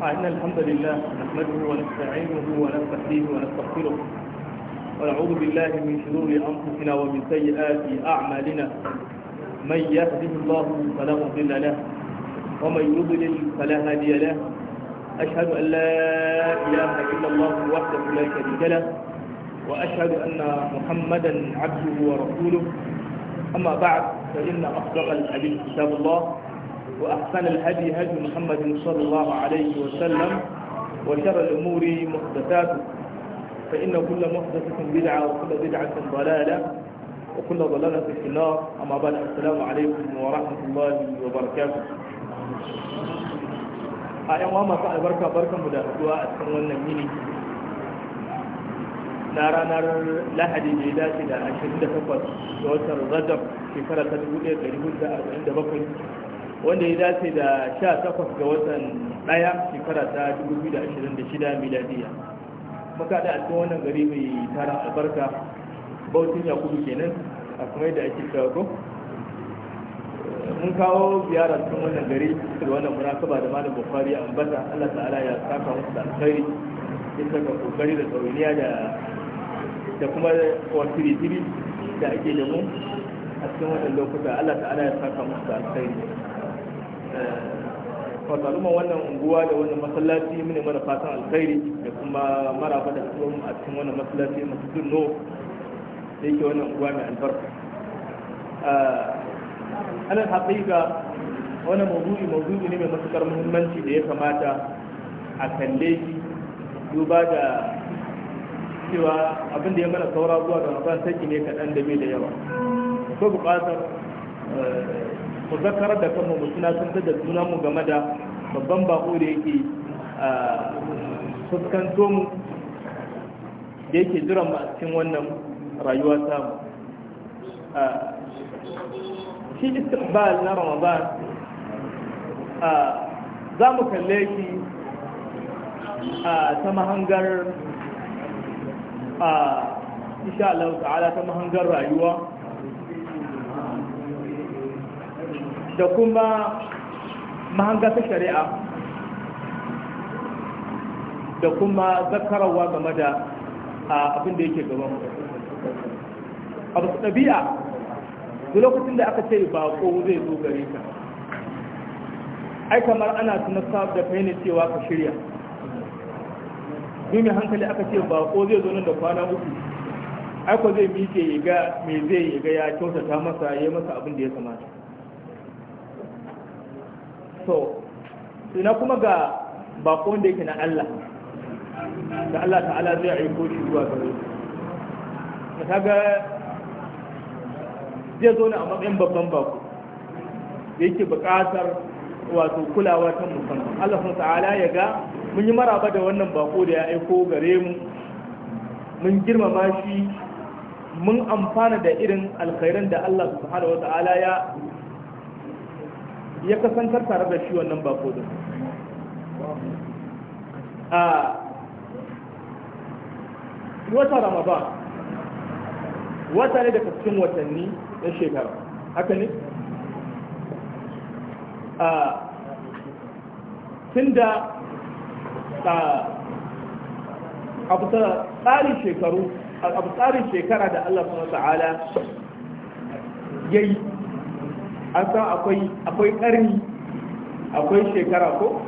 إن الحمد لله نحمده ونستعينه ونستهديه ونستغفره ونعوذ بالله من شرور أنفسنا ومن سيئات أعمالنا من يهده الله فلا مضل له ومن يضلل فلا هادي له أشهد أن لا إله إلا الله وحده لا شريك له وأشهد أن محمدا عبده ورسوله أما بعد فإن أصدق الحديث كتاب الله وأحسن الهدي هدي محمد صلى الله عليه وسلم وشر الأمور محدثاته فإن كل محدثة بدعة وكل بدعة ضلالة وكل ضلالة في النار أما بعد السلام عليكم ورحمة الله وبركاته أيها وما سأل بركة بركة مدافعة أتكلم مني na ranar lahadi إلى ya dace وشر 28 في فرصة rajab shekara ta 1447 wanda ya dace da 18 ga watan ɗaya shekara ta 2026 miladiya maka da a cikin wannan gari mai tara albarka bautin yakubu kenan a kuma yadda ake shago mun kawo ziyara cikin wannan gari da wannan munasaba da malam a ambata Allah ta'ala ya saka musu da alkhairi ya saka kokari da tsauniya da da kuma wasiri da ake da mu a cikin wannan lokuta Allah ta'ala ya saka musu da alkhairi wato wannan unguwa da wannan masallaci mune mana fatan alkhairi da kuma maraba da asuwa a cikin wannan masallaci masu tunno da yake wannan unguwa mai albarka alal haƙiƙa wannan mawdu'i mawdu'i ne mai matuƙar muhimmanci da ya kamata a kalle shi duba da cewa abin da ya mana saura zuwa ga masallaci ne kaɗan da bai da yawa ko buƙatar eh, mu zakarar da kanmu mu tunatar da mu game da babban bako da yake fuskanto mu da yake jiran mu cikin wannan rayuwa samu shi istiqbal na ramadan za mu kalle shi ta mahangar insha Allah ta'ala ta mahangar rayuwa da kuma mahangasa shari'a da kuma zakararwa game da abin da yake gaban abu su ɗabi'a da lokacin da aka ce ko zai zo gare ka ai kamar ana tunasta da fahimta cewa ka shirya domin hankali aka ce ko zai zo nan da kwana uku aiko zai miƙe ga me zai ga ya kyautata masa ya masa abin da ya kamata to suna kuma ga bakon da yake na Allah da Allah ta'ala zai aiko shi zuwa gare shi ta ga zai zo ne a matsayin babban bako da yake buƙatar wato kulawa ta musamman Allah sun ta'ala ya ga mun yi maraba da wannan bako da ya aiko gare mu mun girmama shi mun amfana da irin alkhairan da Allah subhanahu wa ta'ala ya ya kasantar tare da shi wannan bako din a wata ramadan wata ne daga cikin watanni na shekara haka ne a tun da a tsarin shekara da Allah subhanahu wa ya yi. an san akwai akwai ƙarni akwai shekara ko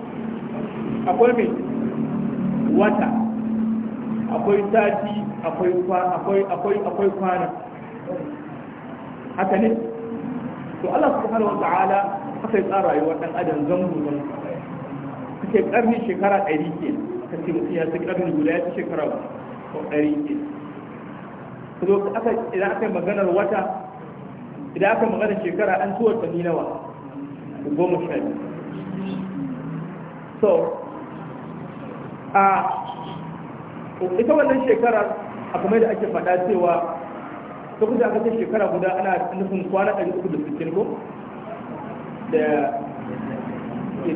akwai mai wata akwai sati akwai akwai akwai akwai kwana haka ne to Allah subhanahu wa ta'ala haka ya tsara rayuwar dan adam zango zango kake ƙarni shekara 100 ke kace mutum ya ci ƙarni guda ya ci shekara 100 ke to idan aka yi maganar wata idan aka magana shekara an ci ta nawa goma sha biyu so a ita wannan shekara a kuma da ake faɗa cewa ta kusa aka ce shekara guda ana nufin kwana ɗari uku da sittin ko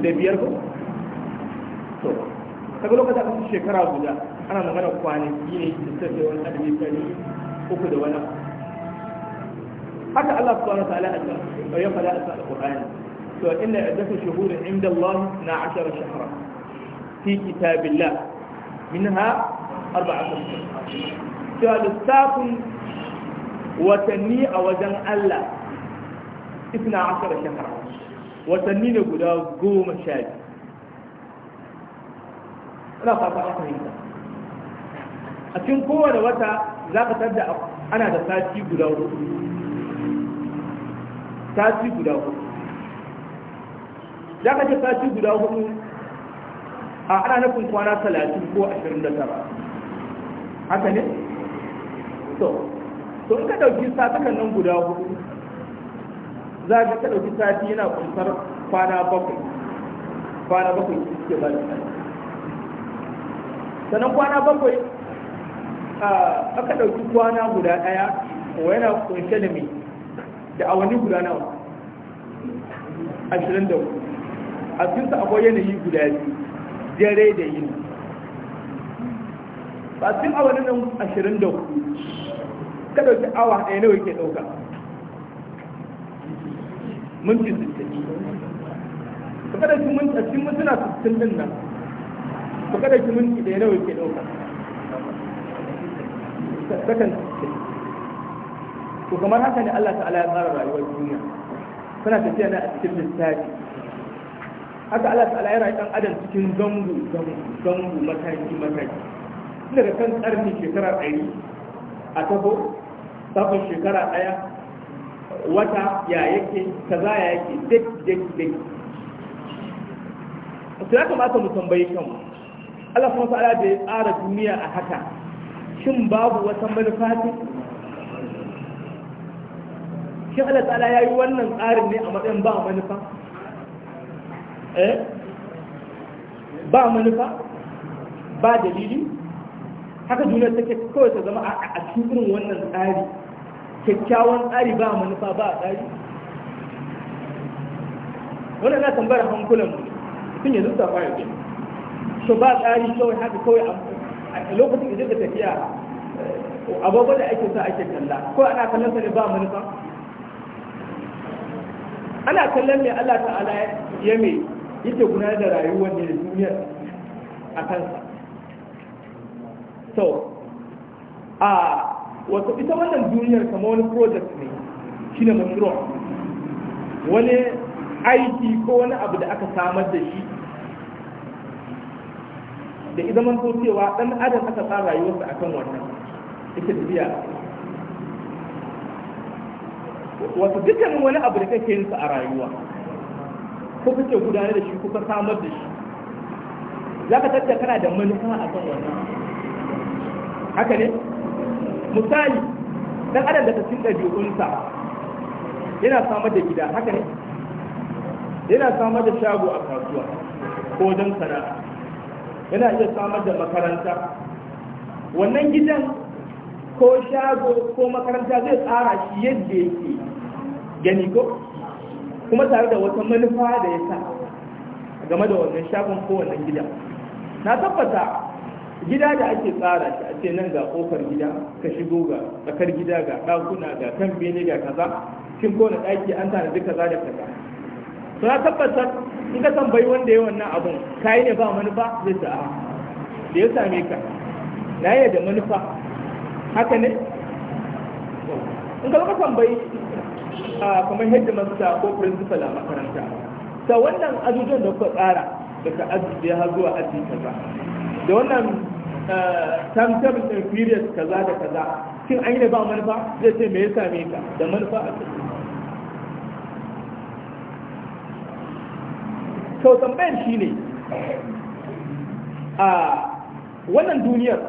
da biyar ko So kaga lokacin aka ce shekara guda ana magana kwanaki ne da sarfewar ɗari uku da wani haka Allah subhanahu wa ta'ala ya faɗa a Al-Qur'ani to inna iddatu shuhurin inda Allah na ashara shahra fi kitabillah minha arba'atu to lissafin a wajen Allah isna a da sati sati guda hudu za ka ce sati guda hudu a ana nufin kwana talatin ko ashirin da tara haka ne? to to in ka ɗauki satakan nan guda hudu za ka ka ɗauki sati yana kuntar kwana bakwai kwana bakwai suke ba sannan kwana bakwai aka ɗauki kwana guda ɗaya yana kunshe da mai da awanni guda nawa ashirin da hudu a cikinsa akwai yanayi guda biyu dare da yini ba cikin awanni nan ashirin da hudu ka awa ɗaya nawa ke ɗauka minti sittin Ba kada ki minti a cikin mutuna sittin ɗin nan ba kada ki minti ɗaya nawa ke ɗauka sakan to kamar haka ne Allah ta'ala ya tsara rayuwar duniya suna tafiya na a cikin lissafi haka Allah ta'ala ya rayu dan adam cikin zango zango mataki mataki daga kan karni shekara ɗari a taho sabon shekara ɗaya wata ya yake kaza ya yake dek dek dek to ya kamata mu tambayi kanmu Allah kuma ta'ala da ya tsara duniya a haka shin babu wata manufa shi Allah ta'ala ya yi wannan tsarin ne a matsayin ba manufa eh ba manufa ba dalili haka duniya take kawai ta zama a cikin wannan tsari kyakkyawan tsari ba manufa ba tsari wannan na tambara hankulan sun yanzu ta fara ke so ba tsari kawai haka kawai a lokacin da zai tafiya eh, abubuwan da ake sa ake kalla ko ana kallon sa ne ba manufa ana kallon mai Allah ta'ala ya mai yake gudanar da rayuwar ne da duniyar a kansa so a wata ita wannan duniyar kama wani project ne shi ne mashiro wani aiki ko wani abu da aka samar da shi da idan man cewa dan adam aka tsara rayuwarsa akan wannan ita tafiya Wasu dukkan wani abu da kake yin a rayuwa ko kake gudanar da shi ko ka samar da shi za ka tattara kana da manufa a kan wannan haka ne misali dan adam da da ɗabi'unsa yana samar da gida haka ne yana samar da shago a kasuwa ko dan sana'a yana iya samar da makaranta wannan gidan ko shago ko makaranta zai tsara shi yadda yake gani ko kuma tare da wata manufa da ya sa game da wannan shafin ko wannan gida na tabbata gida da ake tsara shi a ce nan ga kofar gida ka shigo ga tsakar gida ga ɗakuna ga kan bene ga kaza shin kowane ɗaki an tanadi kaza da kaza to na tabbatar in ka tambayi wanda ya wannan abun yi ne ba manufa zai sa a da ya same ka na yi da manufa haka ne in ka zama tambayi kamar yadda masta ko principal a makaranta ta wannan ajujuwan da kuka tsara daga aji har zuwa aji kaza da wannan eh, timetable ɗin period kaza da kaza cin an yi da ba manufa zai ce me ya same ka da manufa a cikin to tambayar shi ne a wannan duniyar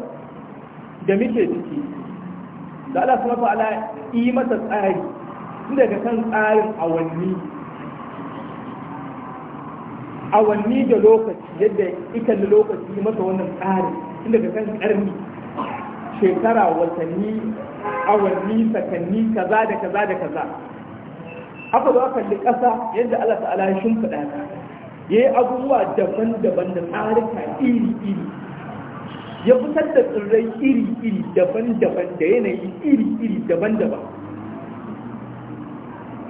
da muke ciki da a subhanahu wa ta'ala yi masa tsari tun daga kan tsarin awanni awanni da lokaci yadda ita ikan lokaci masa wannan tsarin tun daga kan karni shekara watanni awanni sakanni kaza da kaza da kaza aka zo aka ƙasa yadda Allah ta'ala ya shimfiɗa ta ya yi abubuwa daban-daban da tsarika iri-iri ya fitar da tsirrai iri-iri daban-daban da yanayi iri-iri daban-daban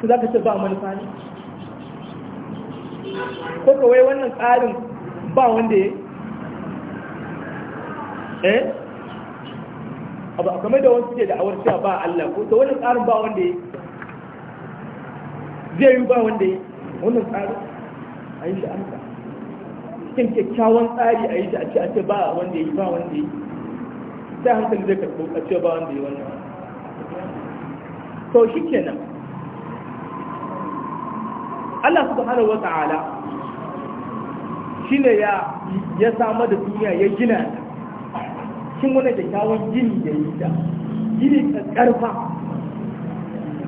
to za ka ce ba manufa ne ko kawai wannan tsarin ba wanda ya eh abu kamar da wasu ke da awar cewa ba Allah ko to wannan tsarin ba wanda ya zai yi ba wanda ya wannan tsarin a yi shi an sa cikin kyakkyawan tsari a yi shi a ce a ce ba wanda yi ba wanda yi sai hankali zai karɓo a ce ba wanda yi wannan to shi kenan Allah subhanahu wata'ala shine ya ya samar da duniya ya gina ta shin wani kyakkyawan gini da yi ta gini karfa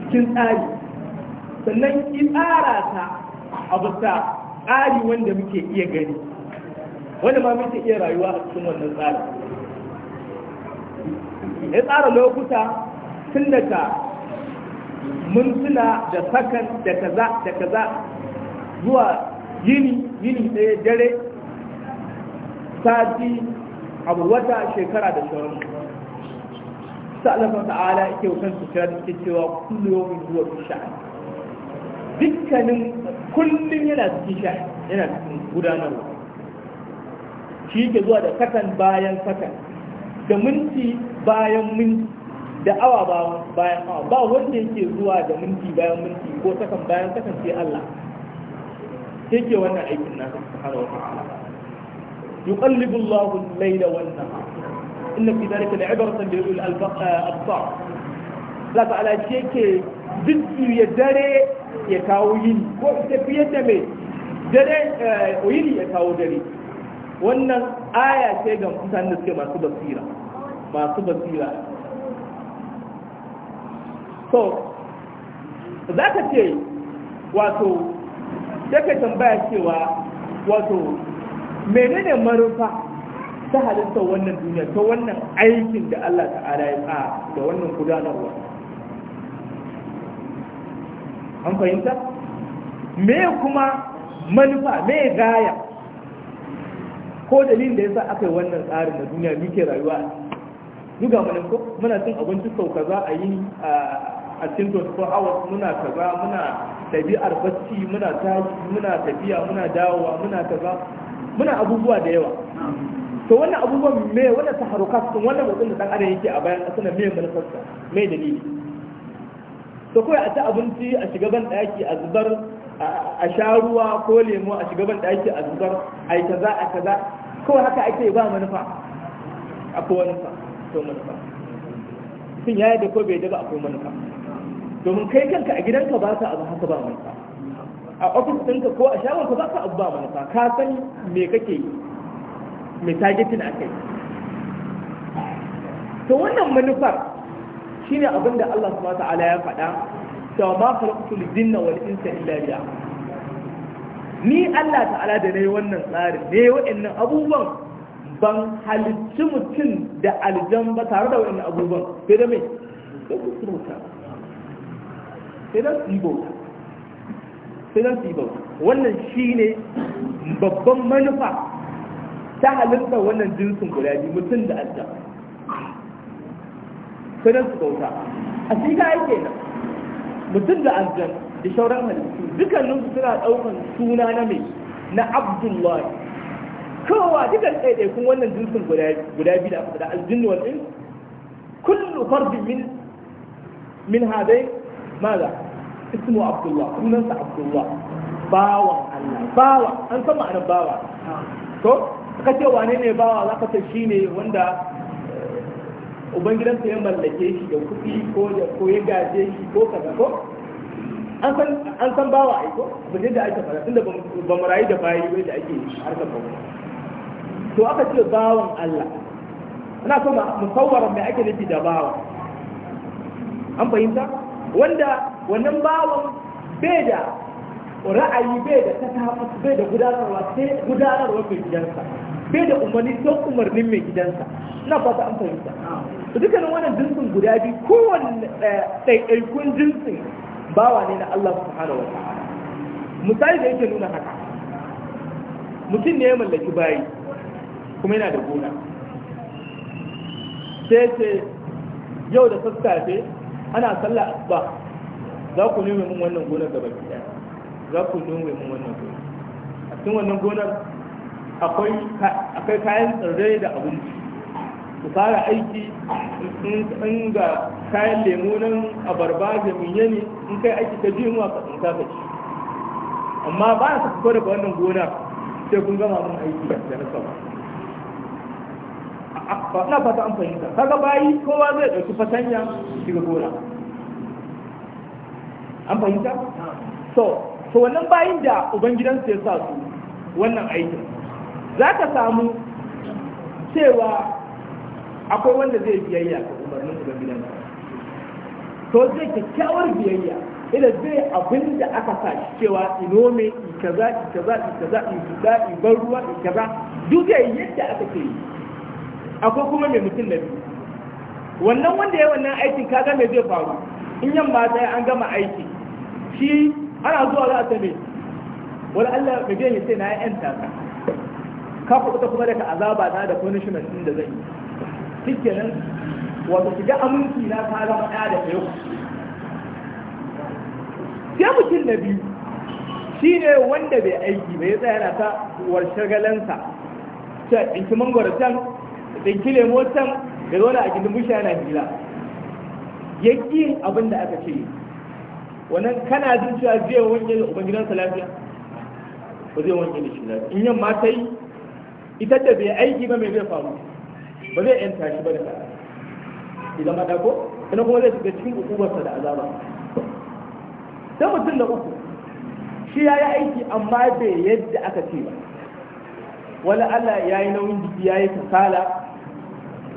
cikin tsari sannan ki tsara ta a bisa tsari wanda muke iya gani wanda ma muke iya rayuwa a cikin wannan tsari ya tsara lokuta tun daga mintuna da sakan da kaza da kaza zuwa yini yini ɗaya dare sati abu wata shekara da sauran sa'alafin ta'ala ake wutan su kira da cewa kullum yawon zuwa su sha'ani dukkanin kullum yana cikin sha'ani yana cikin gudanarwa shi ke zuwa da sakan bayan sakan da minti bayan minti da awa ba bayan awa ba wanda yake zuwa da minti bayan minti ko sakan bayan sakan sai Allah sai ke wannan aikin na subhanahu wa ta'ala yuqallibu Allahu al-layla wan nahar inna fi dhalika la'ibratan li ulil absar uh, Allah ta'ala shi yake biddi ya dare ya kawo yini ko ita fiye da mai dare uh, yini ya kawo dare wannan aya ce ga mutanen da suke masu basira masu basira so za ka ce wato sai ka tambaya cewa wato menene marufa ta halittar wannan duniya ta wannan aikin da Allah ta'ala ya tsara da wannan gudanarwa an fahimta me kuma manufa me gaya ko dalilin da sa aka yi wannan tsarin na duniya muke rayuwa duga manufa muna cin abinci sau kaza a yi a cikin 24 hours muna kaza muna ɗabi'ar bacci muna tashi muna tafiya muna dawowa muna kaza muna abubuwa da yawa to wannan abubuwan me wannan taharukat sun wannan mutum da dan adam yake a bayan ƙasa na me manufarsa me dalili to kawai a ci abinci a shiga ban daki a zubar a sha ruwa ko lemo a shiga ban daki a zubar a yi kaza a kaza kawai haka ake ba manufa akwai manufa to manufa sun yaya da ko bai da ba akwai manufa domin kai kanka a gidanka ba ka abu haka ba manufa a ofis ɗinka ko a shagonka ba ka abu ba manufa ka san me kake mai me targetin a kai to wannan manufar shine abin da Allah subhanahu ta'ala ya faɗa cewa ma khalaqtul jinna wal insa illa liya ni Allah ta'ala da nayi wannan tsarin ne wa'annan abubuwan ban halicci mutum da aljan ba tare da wa'annan abubuwan sai da mai. sai ku sai dan su bauta sai dan su yi bauta wannan babban manufa ta halitta wannan jinsin guda biyu mutum da aljan sai dan su bauta a shi ga yake nan mutum da aljan da shauran halittu dukkanin su suna daukan suna na mai na abdullahi kowa dukkan ɗaiɗaikun wannan jinsin guda biyu da aljinnu wal'in kullu fardin min min hadain ماذا اسمه عبد الله سننسى عبد الله باوى الله باوى أن سمع أنا باوى تو kace wane ne bawa zaka ce shine wanda ubangidansa ya mallake shi da kuɗi ko da ko ya gaje shi ko kaza ko an san an san bawa ai ko abin da ake fara tunda ba mu rayu da bayi ba da ake har harkar bawa to aka ce bawan Allah Ina so mu musawwara me ake nufi da bawa an fahimta wanda wannan bawan bai da ra'ayi bai da tasahus bai da gudanarwa sai gudanarwa mai gidansa bai da umarni don umarnin mai gidansa na fata an fahimta to dukkanin wannan jinsin guda biyu kowane eh, ɗaiɗaikun jinsin bawa ne na Allah su hana wata misali da yake nuna haka mutum ne ya mallaki bayi kuma yana da gona sai ce yau da sassafe ana sallah asuba za ku nome mun wannan gonar gaba ɗaya za ku nome mun wannan gonar a cikin wannan gonar akwai kayan tsirrai da abinci ku fara aiki in ga kayan lemu nan abarba da miye ne in kai aiki ka ji yunwa ka tsinka ka ci amma ba su fito daga wannan gona sai kun gama mun aiki da na sama na ina fata an fahimta kaga bayi kowa zai ɗauki fatanya shiga gona an fahimta so so wannan bayin da ubangidansu ya sa su wannan aikin za ka samu cewa akwai wanda zai biyayya ga umarnin ubangidansa to zai kyakkyawar biyayya ila zai abin da aka sa shi cewa ino me kaza kaza kaza in fita in bar ruwa in kaza duk zai yadda aka ce yi akwai kuma mai mutum na biyu wannan wanda ya wannan aikin kaga mai zai faru in yamma ta an gama aiki shi ana zuwa za a tabe wani Allah mai biyan ya sai na yan taka ka kuɓuta kuma daga azaba na da punishment ɗin da zai yi shi kenan wato shiga aminci na ta zama ɗaya da yau sai mutum na biyu shi ne wanda bai aiki bai tsaya na ta war shagalansa ta ɗinki mangwara can tsinki lemo can da zauna a gindin bushe yana hila ya ƙi abin da aka ce wannan kana jin cewa zai wanke da ubangidansa lafiya ba zai wanke da shi lafiya in yamma ta yi ita da bai aiki ba mai zai faru ba zai yanta shi ba da ka idan ba dako, sannan kuma zai shiga cikin ukubarsa da azaba sai mutum na uku shi ya yi aiki amma bai yadda aka ce ba wani Allah ya yi nauyin jiki ya yi kasala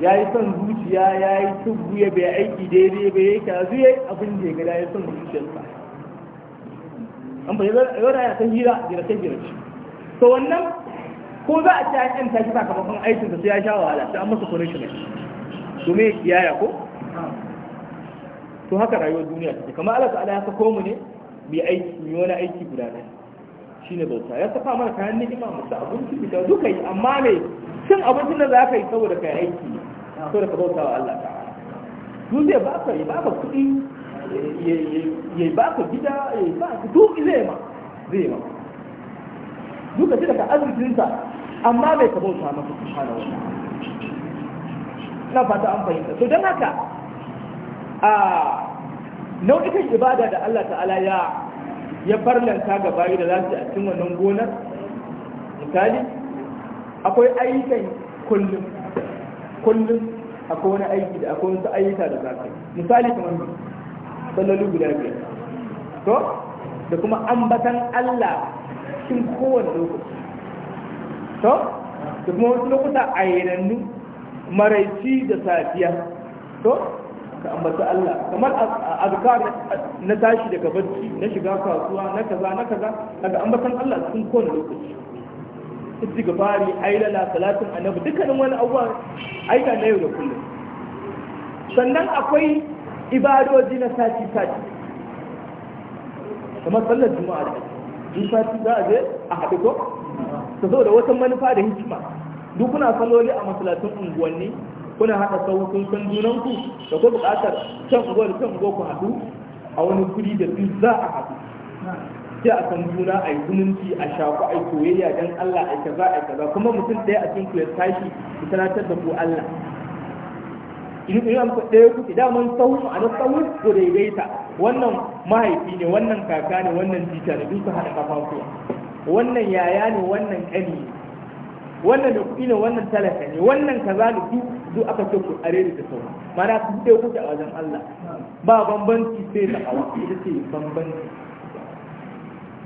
ya yi son zuciya ya yi tubu ya bai aiki daidai bai ya kyazu ya abin da ya gada ya son zuciyarsa an bai zara ya ta hira girace girace to wannan ko za a ce an yanta shi sakamakon aikin da sai ya sha wahala sai an masa punishment domin ya kiyaya ko to haka rayuwar duniya take kamar Allah ta'ala ya sako mu ne mai aiki mai wani aiki guda ɗaya shine bauta ya saka mana kayan ni'ima musu abinci mu da duka yi amma me cin abincin da za ka yi saboda ka yi aiki saboda ka bauta wa Allah ta'ala duk zai baka ya baka kuɗi ya baka gida ya baka duk zai ma zai ma duka shi daga arzikinsa amma bai ka bauta masa subhanahu wa ta'ala na fata an fahimta So, don haka a nau'ikan ibada da Allah ta'ala ya ya farlanta ga bayi da za su a cikin wannan gonar misali akwai ayyukan kullum kullum akwai wani aiki da akwai wasu ayyuka da zafi, misali kamar salloli guda biyar to da kuma ambatan Allah cikin kowane lokaci to da kuma wasu lokuta a yanannu maraici da safiya to ka ambata Allah kamar azkar na tashi daga bacci na shiga kasuwa na kaza na kaza daga ambatan Allah cikin kowane lokaci istighfari ailala salatin annabi dukkanin wani abuwa aika na yau da kullum sannan akwai ibadoji na sati sati kuma sallar juma'a da duk sati za a je a haɗu ko ta zo da wata manufa da hikima duk kuna saloli a masalatun unguwanni kuna haɗa sauƙin san junanku da ko buƙatar can unguwa da can ku haɗu a wani guri da duk za a haɗu sai a san juna a yi zumunci a shaku a yi soyayya don Allah a kaza a kaza kuma mutum ɗaya a cikin ya tashi ya sanatar da ku Allah in yi an ɗaya idan daman sau a na sauhu ku daidaita wannan mahaifi ne wannan kaka ne wannan jita ne duka haɗa kafafuwa wannan yaya ne wannan ƙani ne wannan da kuɗi ne wannan talaka ne wannan kaza ne duk duk aka ce ku are da sauhu mana ku ɗaya kuke a wajen Allah ba bambanci sai da awa ita ce bambanci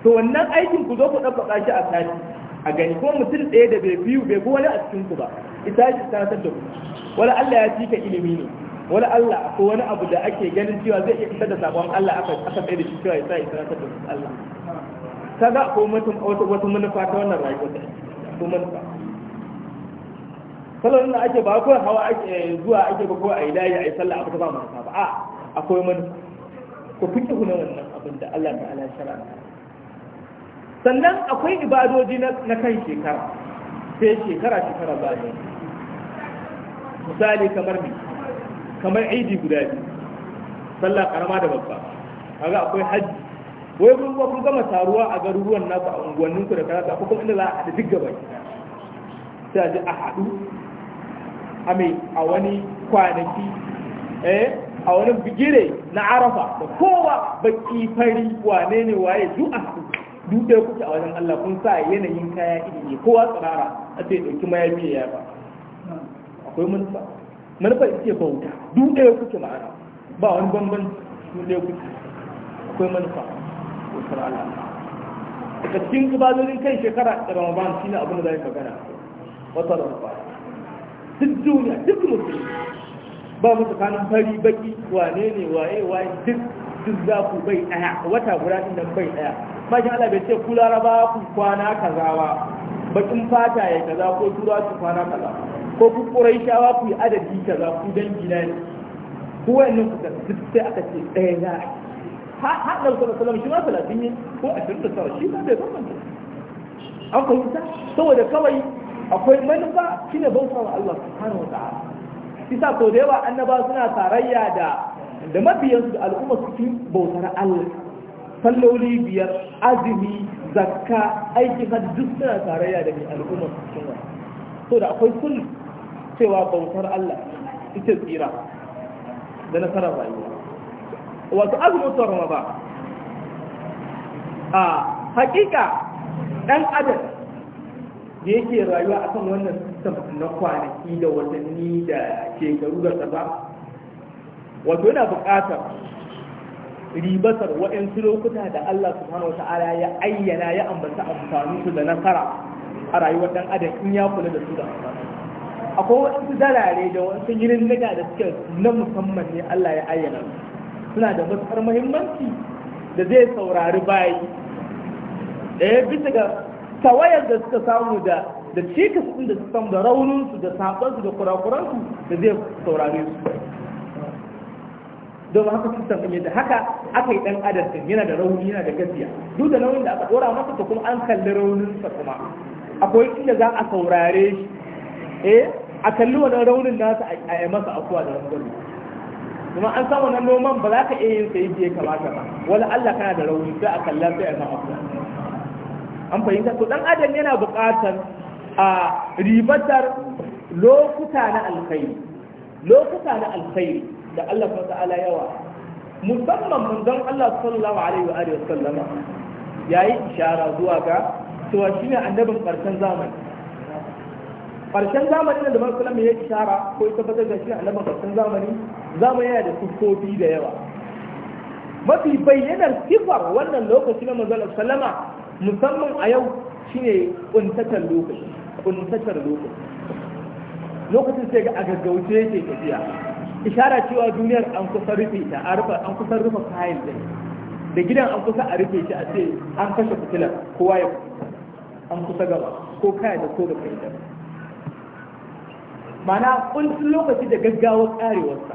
to wannan aikin ku zo ku dafa shi a tsari a gani ko mutum ɗaya da bai biyu bai bi wani a cikin ku ba ita shi sanatar da ku wani Allah ya cika ilimi ne wani Allah ko wani abu da ake ganin cewa zai iya isar da sabon Allah aka aka tsaye da shi cewa ya sa ya sanatar da Allah kaga ko mutum wata manufa ta wannan rayuwar da ko manufa salon da ake ba ko hawa ake eh, zuwa ake ba ko a yi layi a yi sallah abu ta ba manufa ba a akwai manufa ko fikihu na wannan abin da Allah ta'ala ya shara'a sannan akwai ibadoji na kan shekara sai shekara shekara ne misali kamar ne kamar aidi guda biyu sallah karama da babba kaga akwai hajji wai kun kun gama taruwa a garuruwan naku a unguwannin ku da kaza ko kuma inda za a haɗu duk gaba sai a ji a haɗu a mai a wani kwanaki eh a wani bigire na arafa da kowa baki fari wane ne waye duk a haɗu duk da kuke a wajen Allah kun sa yanayin kaya iri ne kowa tsirara a ce ɗauki mayafi ya ba akwai manufa manufa ita ce bauta duk da kuke ma'ana ba wani bamban duk da kuke akwai manufa bautar Allah daga cikin ibadodin kai shekara da Ramadan shi ne abin da zai magana wata wata duk duniya duk musulmi ba mu tsakanin fari baki wane ne waye waye duk duk za ku bai ɗaya wata guda ɗin nan bai ɗaya bakin Allah bai ce ku laraba ku kwana kazawa bakin fata ya kaza ko tura su kwana kaza ko ku shawa ku yi adadi kaza ku dangi na ne ku wayannan ku duk sai aka ce ɗaya za a haɗar sallallahu alaihi shi ma talatin ne ko ashirin da tara shi ma bai bambanta an ta saboda kawai akwai manufa shine bautawa Allah subhanahu wa ta'ala kisa sau da yawa annaba suna tarayya da da mabiyansu da al'umma su fi bautar Allah salloli biyar azumi zakka aiki hajji duk suna tarayya da mai al'umma su cikin so da akwai sun cewa bautar Allah ita tsira da nasarar rayuwa wato azumin sauran ba a hakika ɗan adam da yake rayuwa akan wannan sistem na kwanaki da watanni da shekaru da tsaba wato yana buƙatar ribatar waɗansu lokuta da Allah subhanahu wata'ala ya ayyana ya ambata amfani su da nasara a rayuwar dan adam in ya kula da su da akwai waɗansu dalare da wasu yirin naga da suke na musamman ne Allah ya ayyana suna da matuƙar muhimmanci da zai saurari bayi da ya bisa ga tawayar da suka samu da da cikas ɗin da su samu da rauninsu da saɓansu da kurakuransu da zai saurare su don haka sistem ɗin da haka aka yi ɗan adam ɗin yana da rauni yana da gaskiya duk da nauyin da aka ɗora masa to kuma an kalli raunin sa kuma akwai inda za a saurare shi eh a kalli wannan raunin nasa a yi masa afuwa da rangwami kuma an samu na noman ba za ka iya yin sayi ya kamata ba wani Allah kana da rauni sai a kalla sai a yi afuwa an fahimta to ɗan adam yana buƙatar a ribatar lokuta na alkhairi lokuta na alkhairi da Allah subhanahu ta'ala yawa musamman don Allah sallallahu alaihi wa alihi sallama yayi ishara zuwa ga cewa shine annabin karshen zamani karshen zamani da ba sallama ya ishara ko ya tabbatar da shi annabin karshen zamani zamani yana da sufofi da yawa mafi bayyanar sifar wannan lokaci na manzon sallama musamman a yau shine kuntatar lokaci kuntatar lokaci lokacin sai ga a gaggauce yake tafiya ishara cewa duniyar an kusa rufe ta an kusa rufe kayan din da gidan an kusa a rufe shi a ce an kashe fitilar kowa ya an kusa gaba ko kaya da ko da kai da mana kullum lokaci da gaggawa karewarsa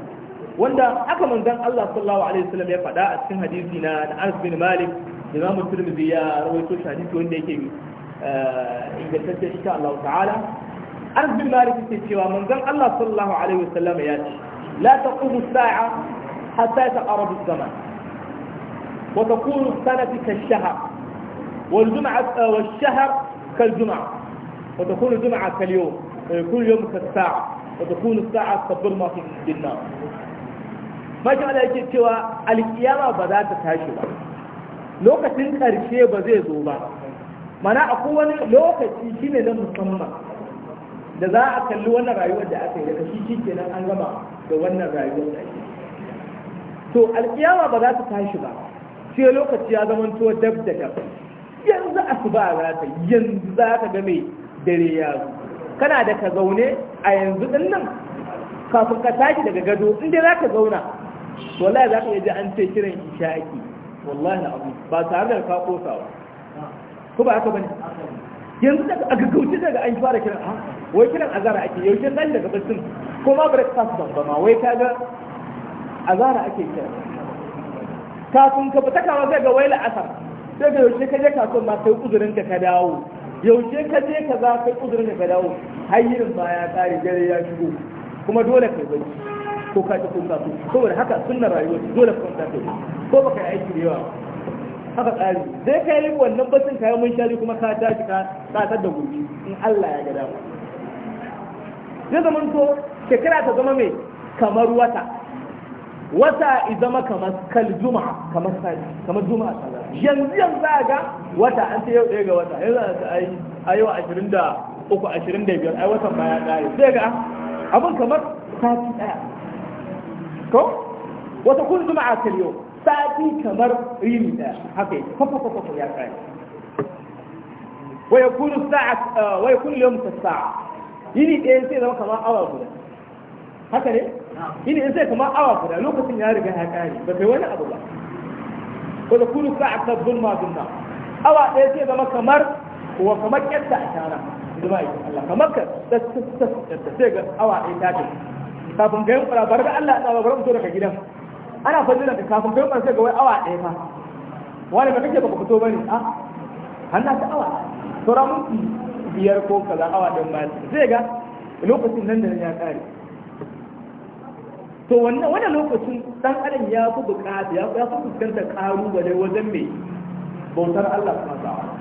wanda aka manzan Allah sallallahu alaihi wasallam ya faɗa a cikin hadisi na Anas bin Malik Imam Tirmidhi ya rawaito shi hadisi wanda yake eh, ingantacce insha Allah ta'ala Anas bin Malik yake cewa manzan Allah sallallahu alaihi wasallam ya ce لا تقوم الساعة حتى يتقرب الزمان وتكون السنة كالشهر والجمعة آه، والشهر كالجمعة وتكون الجمعة كاليوم ويكون اليوم كالساعة وتكون الساعة كالظلمة في الجنة ما شاء الله يجب شواء القيامة بدأت تهشبا لو كتن شيء بزي زوبا ما أنا أقول لو كتن لم تصمم لذا أكلوا أن رأيوا جاءتين لكشي شيء كنا أنغمار da wannan rayuwar da ake to alkiyama ba za ta tashi ba sai lokaci ya zama to dab da dab yanzu asuba za ta yanzu za ka ga mai dare ya zo kana da ka zaune a yanzu din nan kafin ka tashi daga gado in dai za ka zauna wallahi za ka yi ji an ce kiran ishaki wallahi na abu ba tare da ka kosa ba ko ba haka bane yanzu daga a gaggauce daga an fara kiran ah, wai kiran azara ake yau zan daga bacin kuma breakfast ban ba ma wai ka ga zara ake kira kafin ka fita kama zai ga wai la'asar sai ga yaushe ka je kasuwan ma kai uzurin ka ka dawo yaushe ka je ka za kai uzurin ka ka dawo hayyirin ba ya tsari gare ya shigo kuma dole kai zai ko ka ci ko ka saboda haka sunna rayuwa dole ka ta ko baka yi aiki da yawa haka tsari zai kai wannan basin kayan mun shari kuma ka tashi ka tsatar da gobe in Allah ya ga dama ya zama to shekara ta zama mai kamar wata wata i zama kamar kal kamar sati kamar juma'a yanzu yanzu za ga wata an ce yau ɗaya ga wata yanzu za a yi ashirin da uku ashirin da biyar ai watan baya ɗaya sai ga abin kamar sati ɗaya ko wata kun juma a yau sati kamar rini ɗaya haka yi fafafafafa ya sa'a? yini ɗaya sai zama kamar awa guda haka ne yini ɗaya sai kamar awa guda lokacin ya riga ya ƙare ba kai wani abu ba ko da kunu sa'a ta zulma zulma awa ɗaya sai zama kamar wa kamar ƙyarta a shara zuma yi Allah kamar ka sai ga awa ɗaya ta ce kafin gayin ƙwararra da Allah ya tsaba bar mutu daga gidan ana fadilan ka kafin gayin ƙwararra sai ga wai awa ɗaya fa wani ba kake baka fito bane a ah, hannu ta awa sauran mutu biyar ko kaza awa ɗin ba zai ga lokacin nan da ya ƙare to wannan wannan lokacin ɗan adam ya fi buƙata ya fi fuskantar ƙalubale wajen mai bautar Allah kuma ta'ala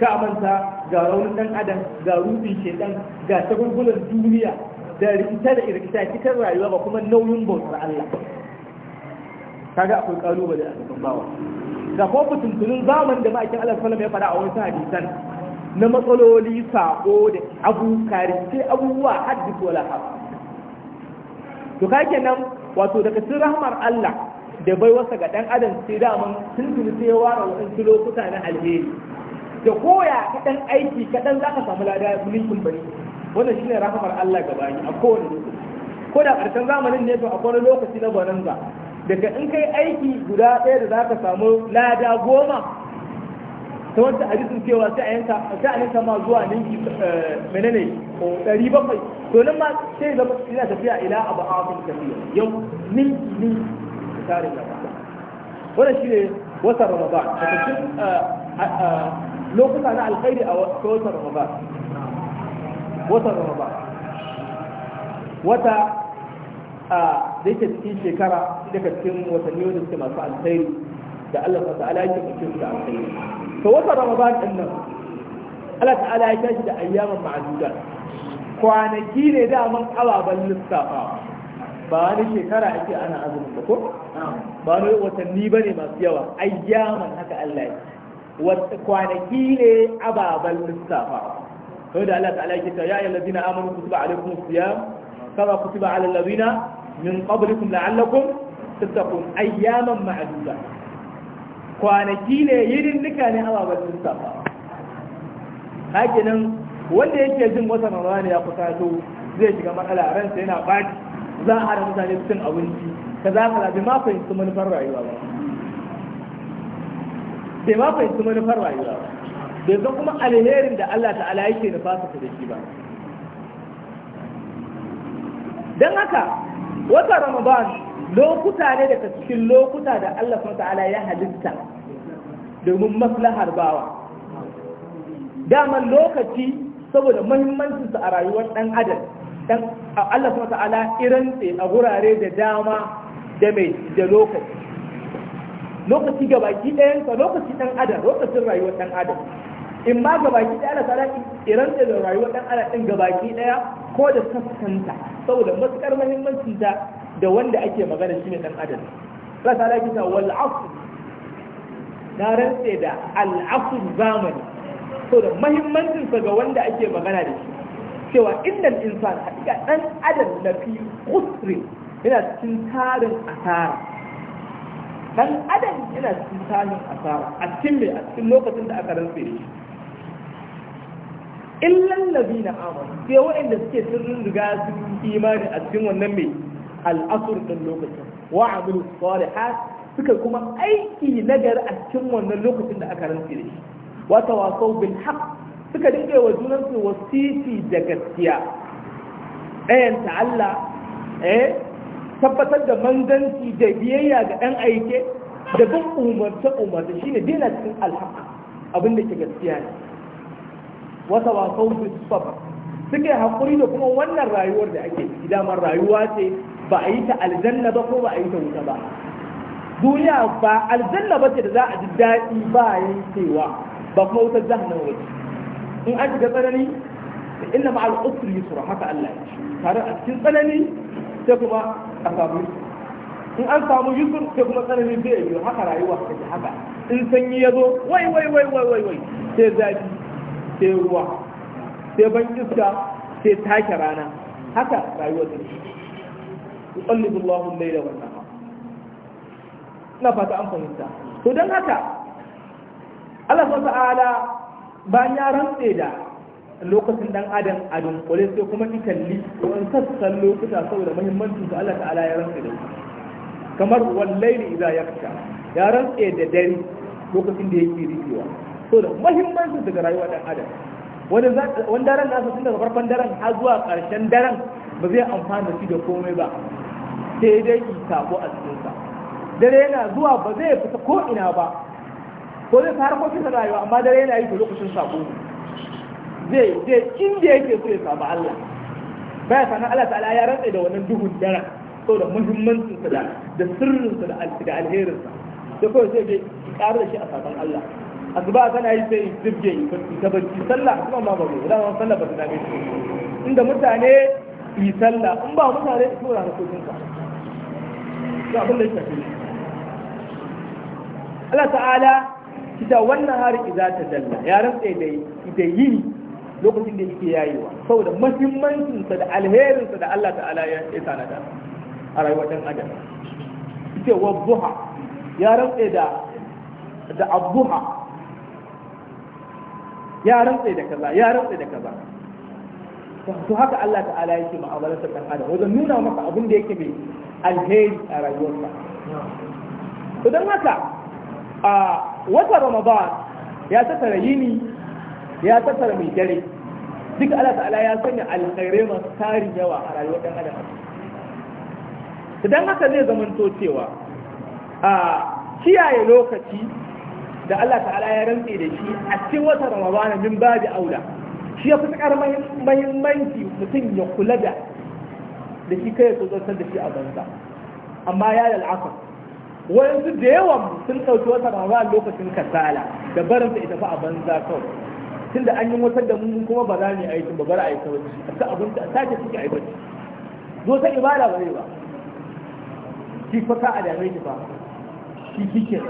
ka manta ga raunin ɗan adam ga rubin shedan ga tagulgulan duniya da rikita da irkita cikin rayuwa ba kuma nauyin bautar Allah kaga akwai ƙalubale a cikin bawa ga ko fitintunin zaman da ma'aikin Allah sallallahu alaihi wasallam ya fara a wani hadisan na matsaloli sako da abu sai abubuwa haddis wala haka. to kake nan wato daga cikin rahmar Allah da bai wasa ga dan adam sai da mun tun tuni sai wara wadansu lokuta na alheri da koya kaɗan aiki kaɗan za ka samu lada mulkin bari wannan shine rahmar Allah gaba ni a kowane ko da karshen zamanin ne to a kowane lokaci na bananza daga in kai aiki guda ɗaya da za ka samu lada goma ta wata hadisin cewa sai a yanka sai a yanka ma zuwa ninki eh, menene oh, ɗari bakwai to nan ma sai zama ina tafiya ila abu afin tafiya yau ninki ninki tare da ba wannan shine watan ramadan a cikin eh, eh, lokuta na alkhairi a watan ramadan watan ramadan wata da yake cikin shekara daga cikin watanni wanda suke masu alkhairi da Allah ta ta'ala yake mutum da alkhairi to wata ramadan din nan Allah ta'ala ya tashi da ayyaman ma'adudan kwanaki ne da daman ababen lissafa. ba wani shekara ake ana azumin ba ko ba wani watanni ba ne masu yawa ayyaman haka Allah ya kwanaki ne ababen lissafa. to da Allah ta'ala yake ta ya ayyuhal ladina amanu kutiba alaykumus siyam kama kutiba alal ladina min qablikum la'allakum tattaqun ayyaman ma'duda kwanaki ne yirin nika ne ababen ba. hakinin wanda yake jin wata ramadana ya kusa to zai shiga matsala ransa yana baki za a hada mutane cin abinci ka za ka labi ma fahimci manufar rayuwa ba bai ma fahimci manufar rayuwa ba bai san kuma alherin da Allah ta'ala yake da fasa da shi ba don haka wata ramadan lokuta ne daga cikin lokuta da Allah ta'ala ya halitta domin maslahar bawa daman lokaci saboda muhimmancinsa a rayuwar ɗan adam ɗan Allah subhanahu ta'ala tse a gurare da dama da mai da lokaci lokaci ga baki ɗayan ka lokaci ɗan adam lokacin rayuwar ɗan adam in ma ga baki ɗaya Allah ta'ala tse da rayuwar ɗan adam ɗin ga baki ɗaya ko da kaskanta saboda matuƙar muhimmancin da wanda ake magana shi ne ɗan adam Allah ta'ala kita wal asr na rantse da al'asur zamani to da mahimmancinsa ga wanda ake magana da shi cewa innal insan hakika dan adam na fi kusri yana cikin tarin asara dan adam yana cikin tarin asara a cikin mai a cikin lokacin da aka rantse shi illan na amanu sai waɗanda suke sun riga sun imani a cikin wannan mai al'asur ɗin lokacin wa'amul salihat suka kuma aiki na gari a cikin wannan lokacin da aka rantsi da shi wata wasau bil haq suka dinga wa junansu wasiti da gaskiya ɗayan ta Allah eh tabbatar da manzanci da biyayya ga ɗan aike da bin umarta umarta shine dena cikin alhaq abin da ke gaskiya ne wata wasau bin sabr suke hakuri haƙuri da kuma wannan rayuwar da ake ciki rayuwa ce ba a yi ta aljanna ba ko ba a yi ta wuta ba duniya ba aljanna ba ce da za a ji daɗi ba cewa ba kuma wutar jahannama ba ce in an shiga tsanani da inna ma al'usri yusra haka Allah ya ce tare a cikin tsanani sai kuma a samu in an samu yusur sai kuma tsanani zai yi haka rayuwa ta ji haka in sanyi ya zo wai wai wai wai wai wai sai zafi sai ruwa sai ban iska sai take rana haka rayuwa ta ce. yuqallibu Allahu al-layla wan nahar ina fata an fahimta to don haka Allah subhanahu ta'ala bayan ya rantse da lokacin dan adam a dunkule sai kuma ki kalli wani sassan lokuta saboda muhimmancin su Allah ta'ala ya rantse da shi kamar wallaili idza yaksha ya rantse da dare lokacin da yake rikewa saboda muhimmancin daga rayuwar dan adam wani daren nasa tun daga farkon daren har zuwa ƙarshen daren ba zai amfana shi da komai ba sai dai ki sabo a cikin dare yana zuwa ba zai fita ko ina ba ko zai ta harkokin rayuwa amma dare yana yi ta lokacin sako zai zai inda yake so ya samu Allah baya sanan Allah ta'ala ya rantsa da wannan duhun dara, ko da muhimmancin sa da sirrin sa da alherin sa da kawai zai je ƙara da shi a sabon Allah asuba tana yi sai zibge ta barci sallah kuma ma ba zai dama sallah ba ta dame shi inda mutane yi sallah in ba mutane su tura harkokin sa abin da ya shafi Allah ta'ala kita wannan hari idza ta dalla ya rantsa da ita yini lokacin da yake yayewa saboda muhimmancin sa da alherin sa da Allah ta'ala ya tsana da a rayuwar dan adam ita wa duha ya rantsa da da abduha ya rantsa da kaza ya rantsa da kaza to haka Allah ta'ala yake mu'amalarsa dan adam wajen nuna maka abin da yake mai alheri a rayuwarsa to don haka a wata ramadan ya tattara yini ya tattara mai dare duk Allah ta'ala ya sanya alkhairai masu tarin yawa a rayuwar dan adam idan haka zai zamanto cewa a kiyaye lokaci da Allah ta'ala ya rantse da shi a cikin wata ramadan min babi aula shi ya fi tsakar mahimmanci mutum ya kula da da shi kai ya so zartar da shi a banza amma ya lal'afa wayansu da yawa sun ɗauki wata a lokacin kasala da barin ita fa a banza kawai tunda an yi wata da mun kuma ba za mu yi aikin ba bari a yi sauki a ta abinci a sake suke a yi bacci zo ta ibada ba zai ba ki fa ka a dame ki fa ki kike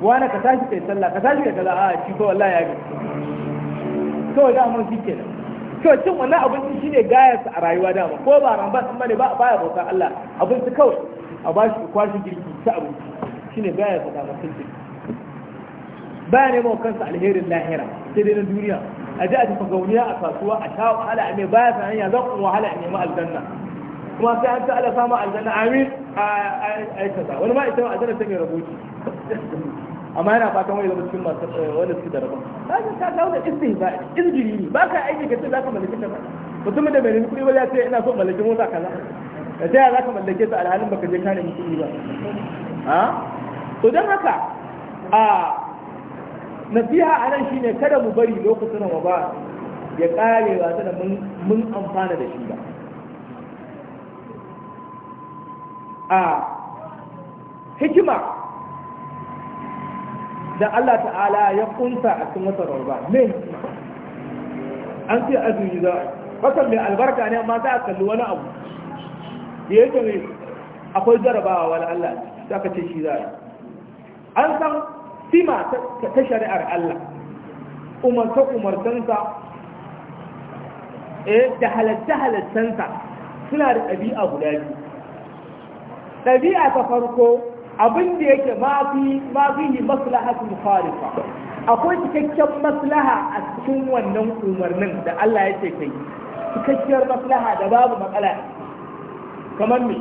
wani ka tashi kai sallah ka tashi kai kaza a shi ko wallahi ya ga kawai da mun kike da cin wannan abinci shine gayarsa a rayuwa dama ko ba ran ba ne ba baya bauta Allah abinci kawai a bashi kwashi girki ta abinci shine baya faɗa ba sun baya neman kansa alherin lahira sai dai na duniya a ji a tafi gauniya a kasuwa a sha wahala a mai baya sanan ya zan wahala a nemi aljanna kuma sai an ta'ala samu aljanna amin a aikata wani ma ita aljanna ta mai rabuci amma yana fatan wani zama cikin masu eh, wanda suke da rabon ba ka ka kawo da istihza izgiri ba ka aiki ka ce za ka mallaki ta ba mutumin da bai nemi kuɗi ba ya ce ina so mallaki mota kaza da ta yaya za ka mallake su alhalin baka je kare musulmi ba a to don haka a nasiha a nan shine kada mu bari lokacin ba ya kare ba ta da mun amfana da shi ba a hikima da Allah ta'ala ya kunsa a cikin wata rauba ne? an ce azumi za a watan mai albarka ne amma za a kalli wani abu Da ya ce akwai jarabawa wani Allah za ka ce shi za a an san sima ta shari'ar Allah umarta umartansa eh da halatta halattansa suna da ɗabi'a guda biyu ɗabi'a ta farko abin da yake mafi mafihi maslahatu mufarifa akwai cikakken maslaha a cikin wannan umarnin da Allah ya ce kai cikakkiyar maslaha da babu matsala kamar me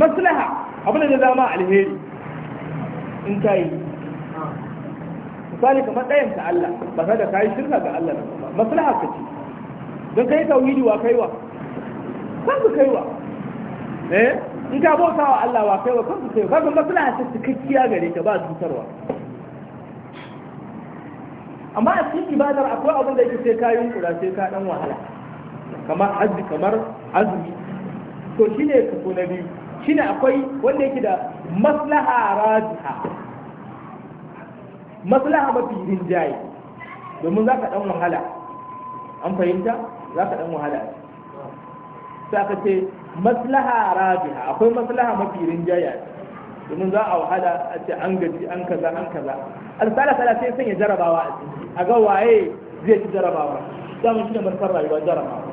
maslaha abin da zama alheri in ka yi misali kamar ɗayan ta Allah ba sai da ka yi shirka ga Allah ba maslaha ka ce don kai tauhidi wa kaiwa kan ku kaiwa eh in ka bauta wa Allah wa kaiwa kan ku kaiwa ga maslaha ta cikakkiya gare ka ba cutarwa amma a cikin ibadar akwai abin da yake sai ka yi kura sai ka dan wahala kamar hajji kamar azumi to shine kaso na biyu shine akwai wanda yake da maslaha rajiha maslaha mafi rinjaye domin za ka ɗan wahala an fahimta za ka ɗan wahala sai aka ce maslaha rajiha akwai maslaha mafi rinjaya domin za a wahala a ce an gaji an kaza an kaza alsala sala sai sanya jarabawa a ga waye zai ci jarabawa za mu shi ne manufar rayuwa jarabawa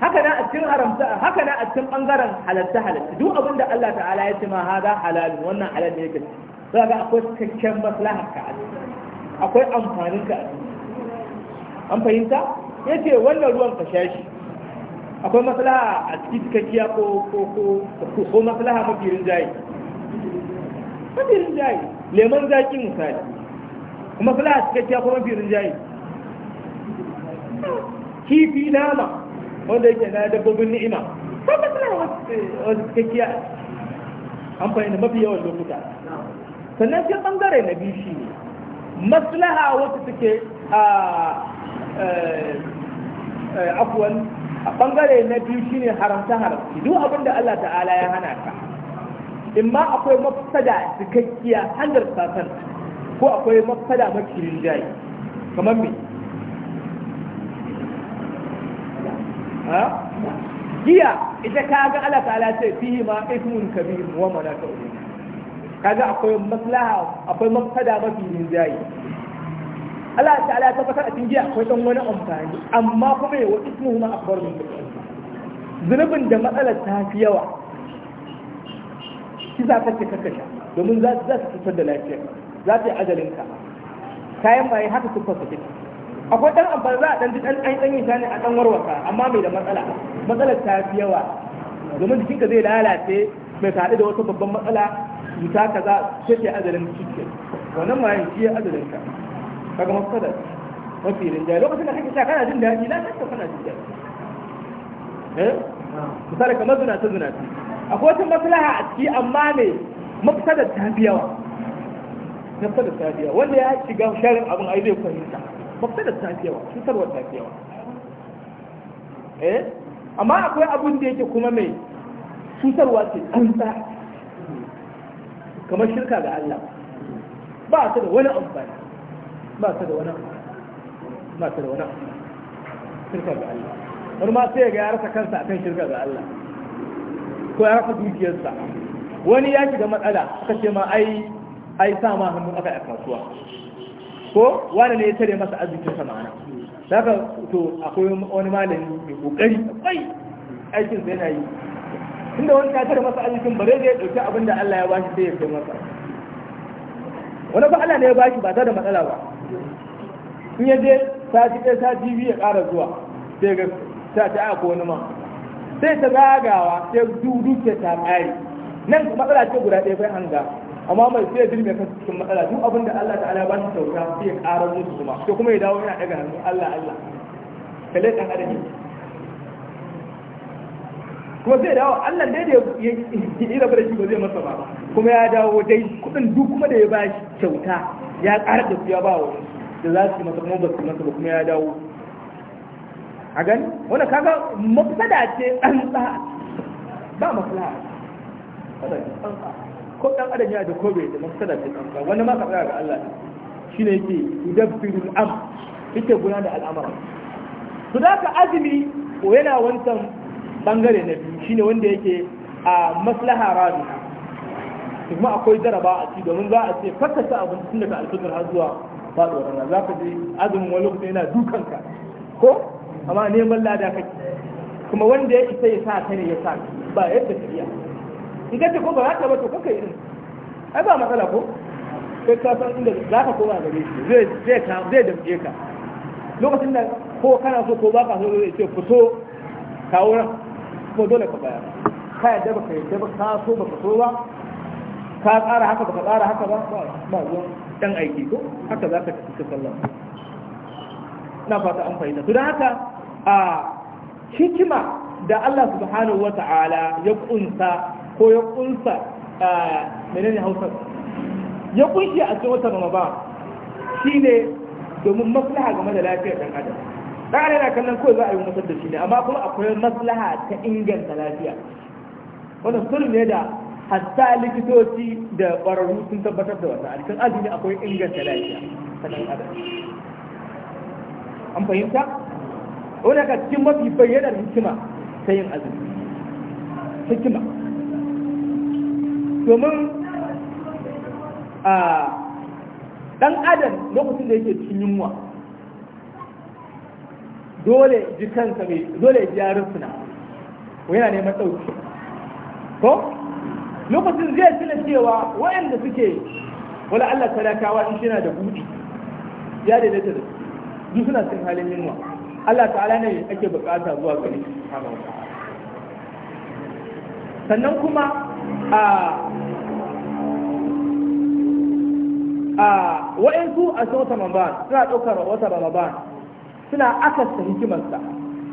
haka na a cikin haramta haka na a cikin bangaren halatta halatta duk abin da Allah ta'ala ya ce ma hada halal wannan halal ne yake za ga akwai cikakken maslahar ka akwai amfanin ka an fahimta yace wannan ruwan ka sha shi akwai maslaha a cikin cikakkiya ko ko ko ko maslaha mafi rinjaye mafi rinjaye lemon zaki misali kuma maslaha cikakkiya ko mafi rinjaye kifi nama wanda yake na dabbobin ni'ima ko ba tana wasu kakkiya mafi yawan lokuta sannan sai bangare na biyu shi ne maslaha wacce suke a afuwan a bangare na biyu shine haramta haramci duk abin da Allah ta'ala ya hana ka in ma akwai mafsada cikakkiya hanyar sasan ko akwai mafsada mafi rinjaye kamar me ha giya ita ga Allah ta'ala ce fihi ma ismun kabir wa malakatu kaga akwai maslaha akwai mafsada mafi rinjaye Allah ta'ala ta fasar a cikin giya akwai dan wani amfani amma kuma yawa ismuhu ma akbar min zunubin da matsalar ta fi yawa shi za ka ce kakasha domin za su cutar da lafiyar za su yi ajalinka kayan maye haka su fasa kita akwai ɗan amfani za a ɗan ji ɗan ɗan ɗan ne a ɗan warwasa amma mai da matsala matsalar ta fi yawa domin jikinka zai lalace mai haɗu da wata babban matsala cuta kaza ce ce azalin cikin wannan ma yin shi azalin ka kaga matsalar mafi rinjaye lokacin da kake sha kana jin daɗi na kanka kana jin daɗi eh misali kamar zuna ta akwai wata maslaha a ciki amma me mafsadar ta fi yawa mafsadar ta fi yawa wanda ya shiga sharin abin ai zai fahimta mafsadar ta fi yawa cutarwar ta fi yawa eh amma akwai abin da yake kuma mai cutarwa ce tsantsa kamar shirka ga Allah ba ta da wani amfani ba ta da wani amfani ba ta da wani amfani shirka ga Allah wani ma sai ga ya rasa kansa akan shirka ga Allah ko ya rasa dukiyarsa wani ya shiga matsala aka ce ma ai ai sa ma hannu aka a kasuwa ko wani ne ya tare masa arzikin sa ma'ana ka to akwai wani malami mai kokari akwai aikin sa yana yi inda wani ka tare masa arzikin bare zai dauki abin da Allah ya bashi sai ya kai masa wani ba Allah ne ya bashi ba za da matsala ba in ya je sati ɗaya sati biyu ya ƙara zuwa sai ga sati ta ko wani ma sai ta zagawa sai ke ta ƙare nan matsala ce guda ɗaya bai hanga amma mai sai dirme kasu cikin matsala duk abin da Allah ta'ala ba shi sauka sai ya ƙara musu kuma sai kuma ya dawo yana daga hannu Allah Allah kalle kan adami kuma sai dawo Allah dai da ya yi da da shi ba zai masa ba kuma ya dawo dai kuɗin duk kuma da ya ba shi kyauta ya ƙara da ya ba wa da za su yi masa kuma ba su masa ba kuma ya dawo a gani wanda kaga mafsada ce an tsaya ba maslaha ko dan adam ya da bai da mafsada ta kanka wani ma ka tsaya ga Allah shine yake yudabbirul am yake guna da al'amara to da ka azumi ko yana wancan bangare na biyu shine wanda yake a maslaha rabi kuma akwai jaraba a ci domin za a ce fakata abinci tun daga alfitar har zuwa faɗuwar rana za ka je azumin wani lokaci yana dukanka ko amma neman lada kake kuma wanda ya isa ya sa ta ne ya sa ba yadda ta iya in ka ce ko ba za ta ba to kanka yi ai ba matsala ko sai ka san inda za ka koma gare shi zai zai ka zai damje ka lokacin da ko kana so ko ba ka so zai ce so kawo nan ko dole ka bayar ka yadda ba ka yadda ba ka so ba ka so ba ka tsara haka ba ka tsara haka ba ba ruwan dan aiki ko haka za ka tafi sallah na fata an fahimta to dan haka a hikima da Allah subhanahu wa ta'ala ya kunsa ko ya kunsa menene hausa ya kunshi a cikin watan Shi ne domin maslaha game da lafiyar dan adam dan adam yana kallon kawai za a yi musar da shi ne amma kuma akwai maslaha ta inganta lafiya wannan sun ne da hatta likitoci da ƙwararru sun tabbatar da wata a cikin azumi akwai inganta lafiya ta dan adam an fahimta wani ka cikin mafi bayyanar hikima ta yin azumi hikima domin a ɗan adam lokacin da yake cikin yunwa dole ji kansa mai dole ji yarin suna ko yana neman ɗauki ko lokacin zai tuna cewa waɗanda suke wala Allah talakawa in shi da buɗi ya daidaita da su duk suna cikin halin yunwa Allah ta'ala ne ake bukata zuwa gani subhanahu wa ta'ala sannan kuma a wa'insu a wata ramadan suna ɗaukar wata ramadan suna akasta hikimarsa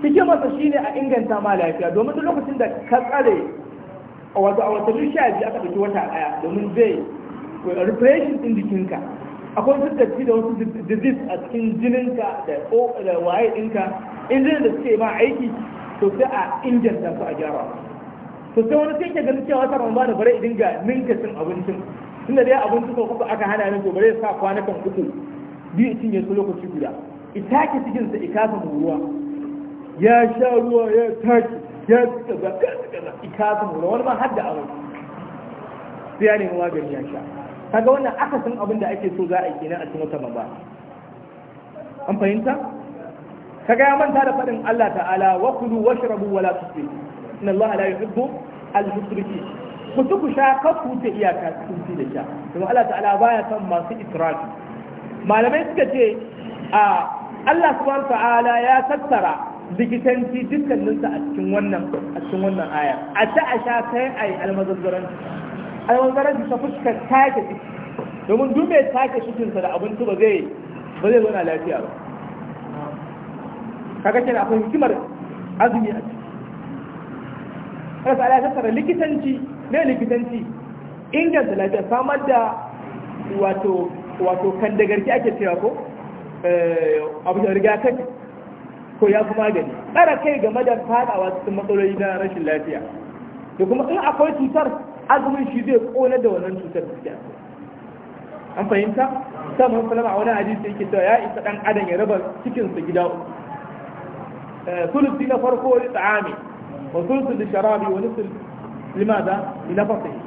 hikimarsa shine a inganta ma lafiya domin duk lokacin da ka tsare a wata a wata sha biyu aka ɗauki wata ɗaya domin zai refreshing ɗin jikinka akwai wasu datti da wasu disease a cikin jininka da waye ɗinka in da suke ma aiki to sai a inganta su a gyara to sai wani sai ke ganin cewa wata ramadan bare idin ga ninka cin abincin tunda dai abinci ko uku aka hana ni to bare sa kwanakan uku biyu cin su lokaci guda itake cikin sa ikasa ruwa ya sha ruwa ya taki ya kaza kaza ikasa ruwa wani ma har da abin sai ya nemi magani ya sha kaga wannan akasin abin da ake so za a yi kenan a cikin wata ramadan an fahimta kaga ya manta da faɗin Allah ta'ala wa kulu washrabu wala tusrifu inna Allah la yuhibbu al-musriki ku ci ku sha kar ku iyaka cikin ci da sha kuma Allah ta'ala baya son masu itraki malamai suka ce a Allah subhanahu ta'ala ya tattara dikitanci dukkaninsa a cikin wannan a cikin wannan aya a ta a sha kai ai al almazazzaran ta fuskar take ciki domin duk mai cikin cikinsa da abinci ba zai ba zai zauna lafiya ba kaga kenan akwai hikimar azumi a ciki Allah ta'ala ya tattara likitanci ne likitanci inganta lafiya samar da wato wato kan da garki ake cewa ko eh, abu da rigakafi ko ya fi magani tsara kai game da fadawa cikin matsaloli na rashin lafiya da kuma in akwai cutar azumin shi zai kona da wannan cutar da an fahimta sa salama a wani hadisi yake cewa ya isa dan adam ya raba cikinsa gida uku eh, sulusi na farko li ta'ami وثلث للشراب ونصف لماذا إلى بطنه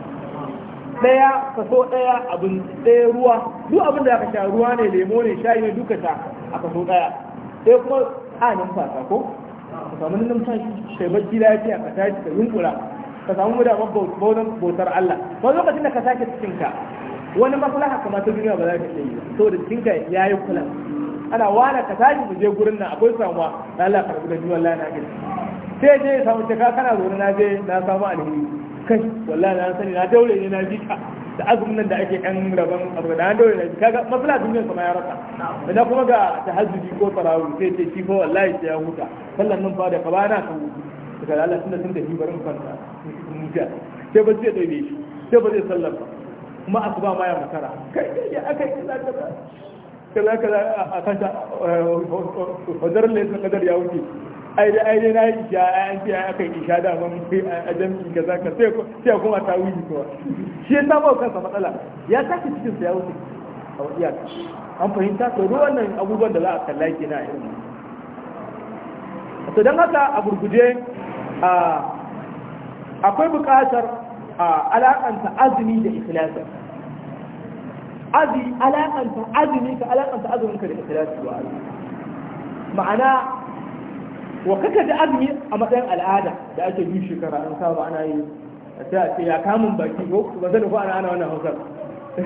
Ɗaya kaso ɗaya, abin ɗaya ruwa duk abin da aka sha ruwa ne lemo ne shayi ne duka sha a kaso ɗaya. sai kuma a numfasa ko ka samu numfashi kai bacci lafiya ka tashi ka yunkura ka samu mu da bautan bautar Allah wani lokacin da ka sake cikinka, wani maslaha kamar ta duniya ba za ka iya yi saboda cikinka ya yi kula ana wala ka tashi mu je gurin nan akwai samuwa Allah karbi da duniya Allah na gani sai je ya samu cika kana zo na je na samu alheri kai wallahi na sani na daure ne na ji ka da azumin nan da ake yan rabon abu da na daure na ji kaga masala yi kuma ya rasa da kuma ga tahajjudi ko tarawu sai ce shi fa wallahi sai ya huta sallan nan fa da kabana kan wuce daga Allah tunda sun tafi barin kwanta mutuwa sai ba zai ɗaiɗe shi sai ba zai sallar ba kuma asuba ma ya makara kai kai ya aka yi kaza ba kaza kaza a kanta wajen lalata kadar ya wuce ai da na yi isha ai an ce aka yi isha da ban sai a jami'i za ka sai sai kuma ta wuce kowa shi ya samu kansa matsala ya tashi cikin sa ya wuce a wadiya an fahimta to duk wannan abubuwan da za a kalla ke na irin to dan haka a gurguje akwai buƙatar alakanta azumi da ikhlasi azumi alakanta azumi ka alakanta azumin ka da ikhlasi wa ma'ana wa kaka da azumi a matsayin al'ada da ake yi shekara an saba ana yi a ce a ce ya kamun baki ko ba zan ko ana ana wannan hausar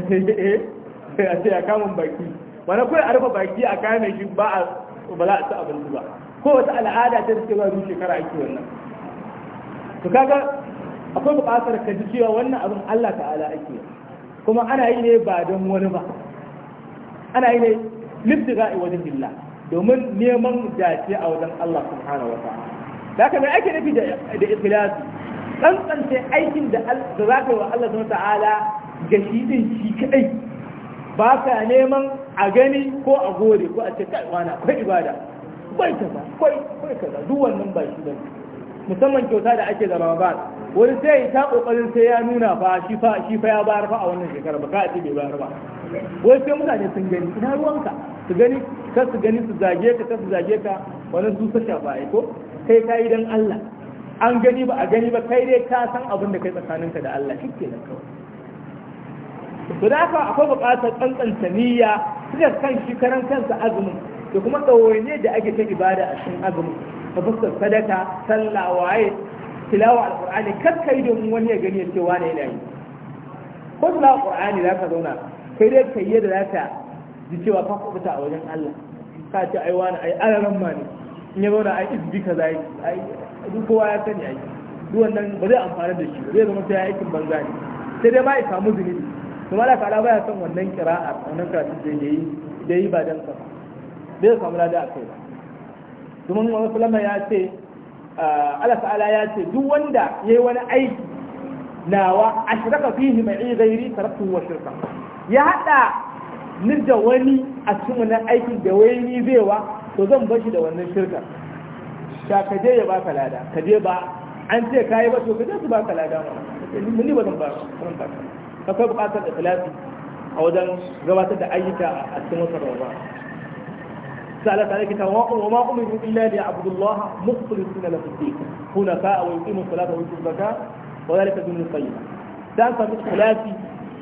a ce ya kamun baki wani kawai a rufe baki a kame shi ba a ba za a ci abinci ba ko wata al'ada ta suke zuwa shekara ake wannan to kaga akwai buƙatar ka ji cewa wannan abin Allah ta'ala ake kuma ana yi ne ba don wani ba ana yi ne lifti za'i wajen billah domin neman dace a wajen Allah subhanahu wa ta'ala da haka ake nufi da ikhlasi tsantsance aikin da za ka yi wa Allah subhanahu wa ta'ala ga shi din shi kadai ba ka neman a gani ko a gode ko a ce kai wani akwai ibada kwai kaza kwai kwai kaza duk wannan ba shi bane musamman kyauta da ake zama ba wani sai ta kokarin sai ya nuna fa shi fa shi fa ya bayar fa a wannan shekara ba ka ce bai bayar ba wai sai mutane sun gani ina ruwanka su gani kar su gani su zage ka kar su zage ka wani su ta shafa ai ko kai ka yi dan Allah an gani ba a gani ba kai dai ka san abin da kai ka da Allah shi ke kawai to da haka akwai buƙatar tsantsanta niyya suka kan shi karan kansa azumin da kuma ne da ake ta ibada a cikin azumin ta fuskar sadaka sallah waye tilawa alqur'ani kar kai domin wani ya gani ya ce wani yana yi ko tilawa alqur'ani za ka zauna kai dai kai yadda za ka ji cewa ka kubuta a wajen Allah ka ce ai wani ai alaran ma ne in ya zauna ai izbi ka zai ai duk kowa ya sani ai duk wannan ba zai amfana da shi ba zai zama sai aikin banza ne sai dai ma ya samu zunubi to ka ala baya san wannan kira'a wannan karatu da yayi da yi ba dan sa ba zai samu lada a kai ba domin wani sulama ya ce ah, Allah ta'ala ya ce duk wanda yayi wani aiki nawa ashraka fihi ma'i ghairi tarattu wa shirka ya hada ni da wani a cikin nan aikin da wai ni zai to zan bashi da wannan shirka ka ka je ya baka lada ka je ba an ce ka yi ba to ka je su baka lada ma ni ba zan ba ka ka kai bukatar da filafi a wajen gabatar da ayyuka a cikin wata ramadan سألت عليك تواقع وما أمروا إلا ليعبدوا الله مخلصين له الدين حنفاء ويقيموا الصلاة ويؤتوا الزكاة وذلك دون القيمة. ده أنت مش خلافي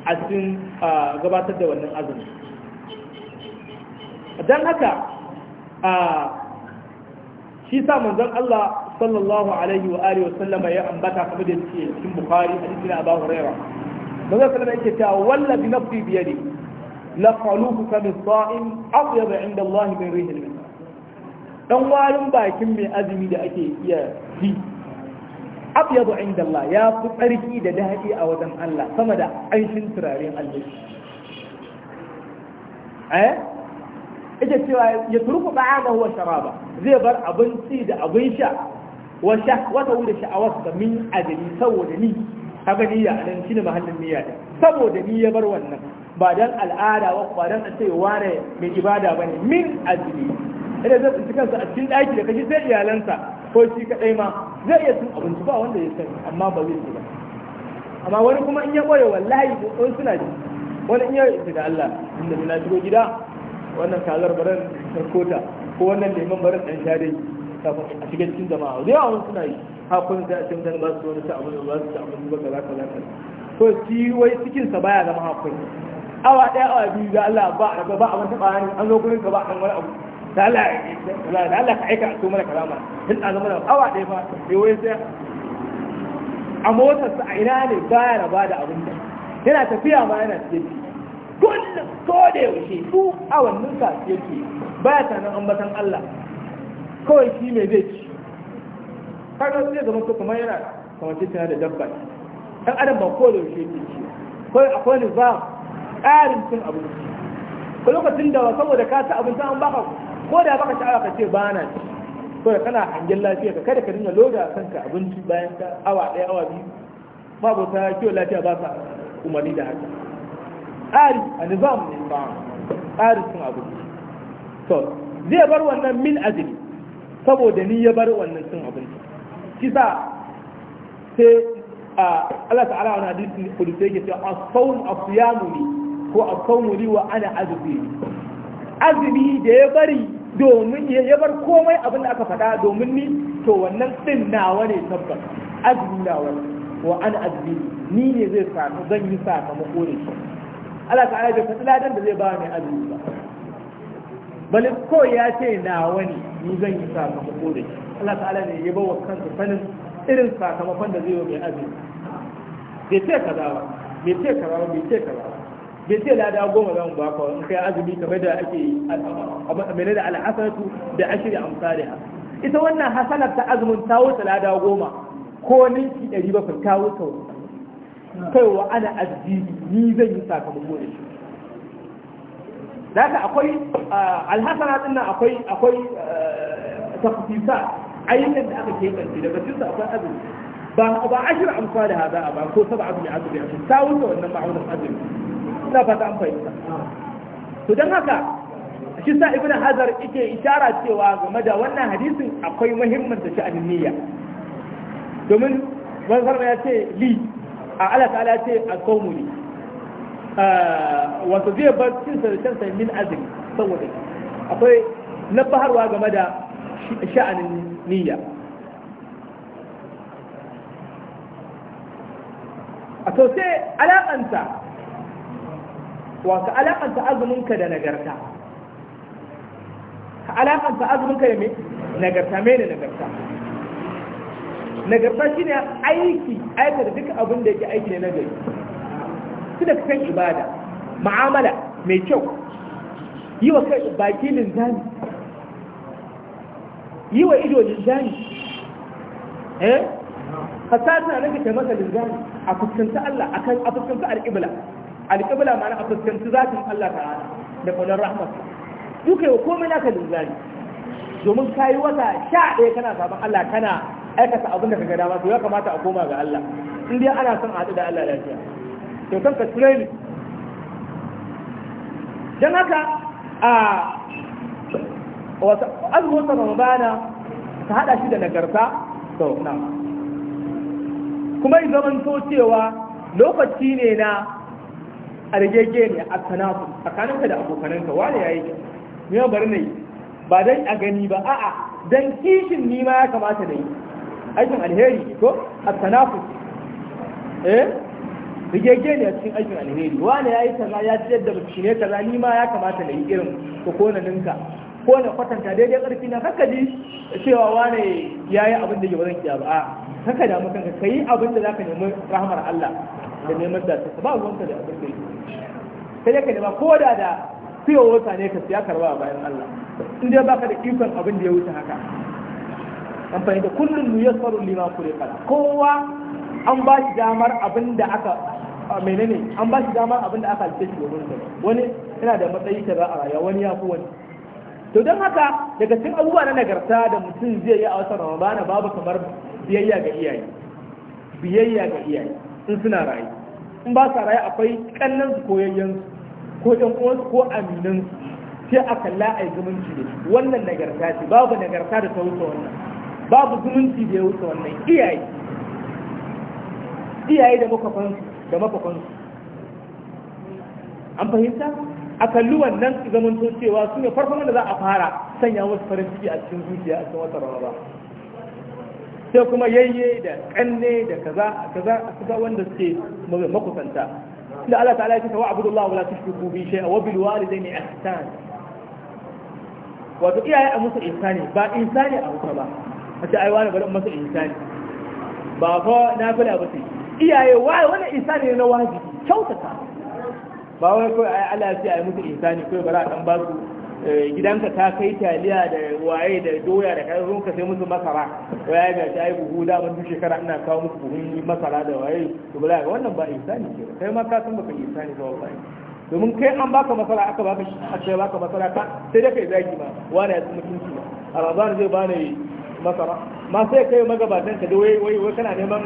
a cikin ah, gabatar da wannan azumi don haka a shi sa manzon Allah sallallahu alaihi wa alihi wasallama ya ambata kamar da yake cikin bukhari a cikin abu hurairah manzon sallallahu alaihi yake cewa wallahi nafsi biyadi la qalubuka min sa'im abyad 'inda Allah min rihil misal dan warin bakin mai azumi da ake iya ji abyadu inda Allah ya fi tsarki da daɗi a wajen Allah sama da aishin turaren aljihu eh ita cewa ya turku ta'amahu wa sharaba zai bar abinci da abin sha wa shahwatahu da sha'awarsa min ajali saboda ni haka niyya nan shi shine mahallin niyya saboda ni ya bar wannan ba dan al'ada wa ba dan a ce ware mai ibada ba ne, min ajali idan zai tsinci kansa a cikin ɗaki da kashi sai iyalansa ko shi kaɗai ma zai iya cin abinci ba wanda ya sani amma ba zai ci ba amma wani kuma in ya boye wallahi ko suna ji wani in ya da Allah inda na shigo gida wannan kazar baran sarkota ko wannan lemon baran dan share kafin a cikin cikin jama'a da yawa suna yi hakun sai a cikin ba su wani ta abin ba su ta abin ba kaza kaza kaza to shi wai cikin sa baya zama hakun awa ɗaya, awa biyu da Allah ba ba ba abin taba ni an zo gurin ka ba dan wani abu da Allah da Allah ka aika a so mana karama in da zama awa ɗaya fa sai wai sai a motar sa a ina ne baya raba da abin da yana tafiya ma yana cikin kullum ko da yaushe su awannin sa yake ya sanin ambatan Allah kawai shi mai zai ci kaga zai zama ko kuma yana kamar tana da dabba dan adam ba ko da yaushe yake ci kawai akwai za ƙarin cin abinci ko lokacin da saboda ka ci abinci an baka ko da baka sha'awa ka ce ba na ci ko da kana hangen lafiya ka kada ka dinga loda kanka abinci bayan ka awa ɗaya awa biyu ma bauta kiwon lafiya ba sa umarni da haka tsari a nizam ne tsari sun abinci to zai bar wannan min azumi saboda ni ya bar wannan cin abinci kisa sai Allah ta'ala wani hadisi kudu sai yake cewa a asiyamu ne ko asawun ne wa ana azumi azumi da ya bari domin ya bar komai abin da aka faɗa domin ni to wannan din nawa ne tabbas azumi nawa wa ana azumi ni ne zai samu zan yi sakamako da shi Allah ta'ala bai faɗi ladan da zai ba mai azumi ba bali ko ya ce na wani ni zan yi sakamako da shi Allah ta'ala ne ya ba wa kansa sanin irin sakamakon da zai yi mai azumi bai ce kaza ba bai ce kaza ba bai ce kaza ba bai ce lada goma zan ba ka in kai azumi kamar da ake yi. A amene da al'asatu da ashiri amsaliha ita wannan hasanar ta azumin ta wuce lada goma ko ninki ɗari bakwai ta wuce kai wa ana addini ni zan yi sakamako da shi da haka akwai alhasana din nan akwai akwai eh, tafsisa ayyukan da aka kebance daga cikin su akwai azumi ba ba ashir amsa da hada ba ko saba azumi azumi a ta wuce wannan ma'aunin azumi ina fata an fahimta to don haka shi sa ibnu hazar yake ishara cewa game da wannan hadisin akwai muhimmin da a niyya domin wannan ya ce li a Allah ala ce a kaumu ne ah, wato zai bar cin sarcensa min azumi saboda akwai na baharwa game da sha'anin niyya a to sai alaƙanta wato alaƙanta azuminka da nagarta alaƙanta azuminka da nagarta mai da nagarta nagarta shi ne aiki aikata duka abin da yake aiki ne na gari su da kan ibada ma'amala mai kyau yi wa kai baki linzami yi wa ido linzami eh suna na kace masa linzami a fuskanta Allah akan a fuskanta al'ibla al'ibla ma'ana a za su Allah rana, da kwanar rahmat duka yau komai naka linzami domin kayi wata sha ɗaya kana sabon Allah kana aikata abin da kaga dama to ya kamata a koma ga Allah in dai ana son a haɗu da Allah lafiya to kan ka ture ni dan haka a ta ramadana ta haɗa shi da nagarta to na kuma in zaman so cewa lokaci ne na argege ne a tsakanin tsakaninka da abokananka wani yayi ne bari na ba dan a gani ba a'a dan kishin nima ya kamata da yi aikin alheri ko at-tanafus eh rigege ne a cikin aikin alheri wani ya yi kaza ya ci yadda mutum ne kaza ni ma ya kamata na yi irin ko ko na ninka ko na kwatanta daidai ƙarfi na haka ji cewa wani ya yi abin da ke wurin kiyaba a haka da mutum ka yi abin da za ka nemi rahmar Allah da neman da ba ruwanka da abin da yake sai ka nema ko da da fiye wata ne ka siya karba a bayan Allah in dai baka da ikon abin da ya wuce haka amfani da kullum yasfaru lima kala kowa an ba shi damar abin da aka menene an ba shi damar abin da aka halitta shi domin sa wani yana da matsayi ta za a rayuwa wani ya fi wani to don haka daga cikin abubuwa na nagarta da mutum zai yi a wasan ramadana babu kamar biyayya ga iyaye biyayya ga iyaye in suna rayu in ba sa rayu akwai kannan su ko yayyan ko ɗan uwansu ko aminan sai a kalla a yi zumunci ne wannan nagarta ce babu nagarta da ta wuce wannan babu zumunci da ya wuce wannan iyaye iyaye da makwafansu da an fahimta a kalli wannan zamanto cewa su ne farkon wanda za a fara sanya wasu farin ciki a cikin zuciya a cikin wata ba sai kuma yayye da kanne da kaza kaza kaza wanda suke makusanta da Allah ta'ala ya ce wa abudullah wala tushriku bi shay'in wa bil walidayni ihsan wato iyaye a musu ihsani ba ihsani a wuta ba a ce aiwa na bari masa insani ba fa na fila ba sai iyaye wai wani insani ne na wajibi kyautata ba wai kawai ai Allah ya ce ai mutu insani kawai bara dan ba su eh, gidanka ta kai taliya da waye da doya da kai ka sai musu masara waye ga ta yi buhu da mun shekara ina kawo musu buhu masara da waye to bala wannan ba insani ke kai ma ka san baka insani ba wallahi domin kai an baka masara aka baka aka baka masara ka sai dai kai zaki ba wani ya mutunci ba a zai bani masara ma sai kai magabatan ka da wai wai kana neman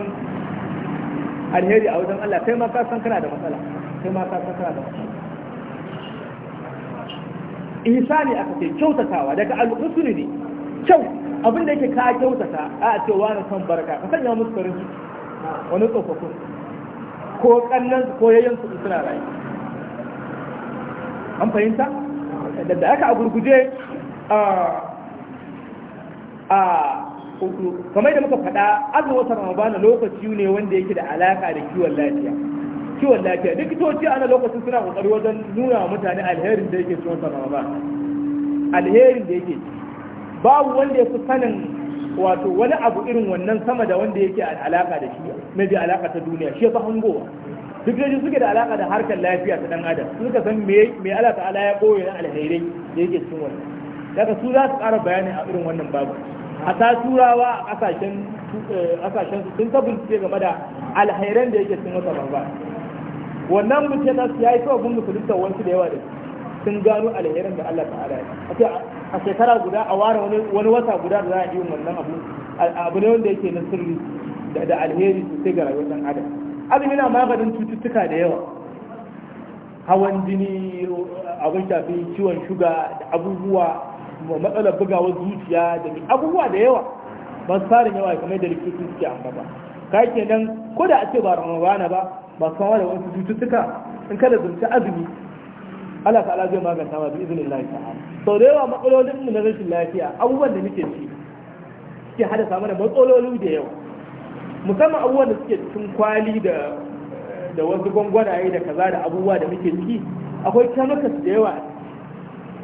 alheri a wajen Allah sai ma ka san kana da matsala sai ma ka san kana da matsala ne aka ce kyautatawa daga al-usuli ne kyau abin da yake ka kyautata a ce wani son barka ka sanya musu farin ciki wani tsofaffin ko kallon ko yayin su suna rayu an fahimta da aka a gurguje a kamar da muka faɗa azumin ramadana lokaci ne wanda yake da alaka da kiwon lafiya kiwon lafiya likitoci ana lokacin suna kokari wajen nuna wa mutane alherin da yake cikin ramadana alherin da yake babu wanda ya fi sanin wato wani abu irin wannan sama da wanda yake alaka da shi mai bi alaka ta duniya shi fa hangowa duk da suke da alaka da harkar lafiya ta dan adam suka san me me Allah ta'ala ya koyo na alherai da yake cikin wannan daga su za su ƙara bayani a irin wannan babu a ta turawa a ƙasashen eh, su sun tabbata game da alhairan da yake sun wata babba wannan mutum na su yayi kawai tawon wasu da yawa da sun gano alhairan da Allah ta'ala ya a shekara guda a ware wani wata guda da za a yi wannan abu abu ne wanda yake na sirri da alheri sosai ga rayuwar dan adam abin yana maganin cututtuka da yawa hawan jini abin shafi ciwon shuga da abubuwa matsalar bugawar zuciya da abubuwa da yawa ba su fara yawa kamar da likitoci suke ambata kai nan ko da a ce ba ramadana ba ba su da wasu cututtuka in kada zunci azumi Allah ta'ala zai maganta ma bi izinin Allah ta'ala sau da yawa matsalolin mu na rashin lafiya abubuwan da muke ci suke haddasa mana matsaloli da yawa musamman abubuwan da suke cikin kwali da da wasu gwangwanaye da kaza da abubuwa da muke ciki akwai kyamukas da yawa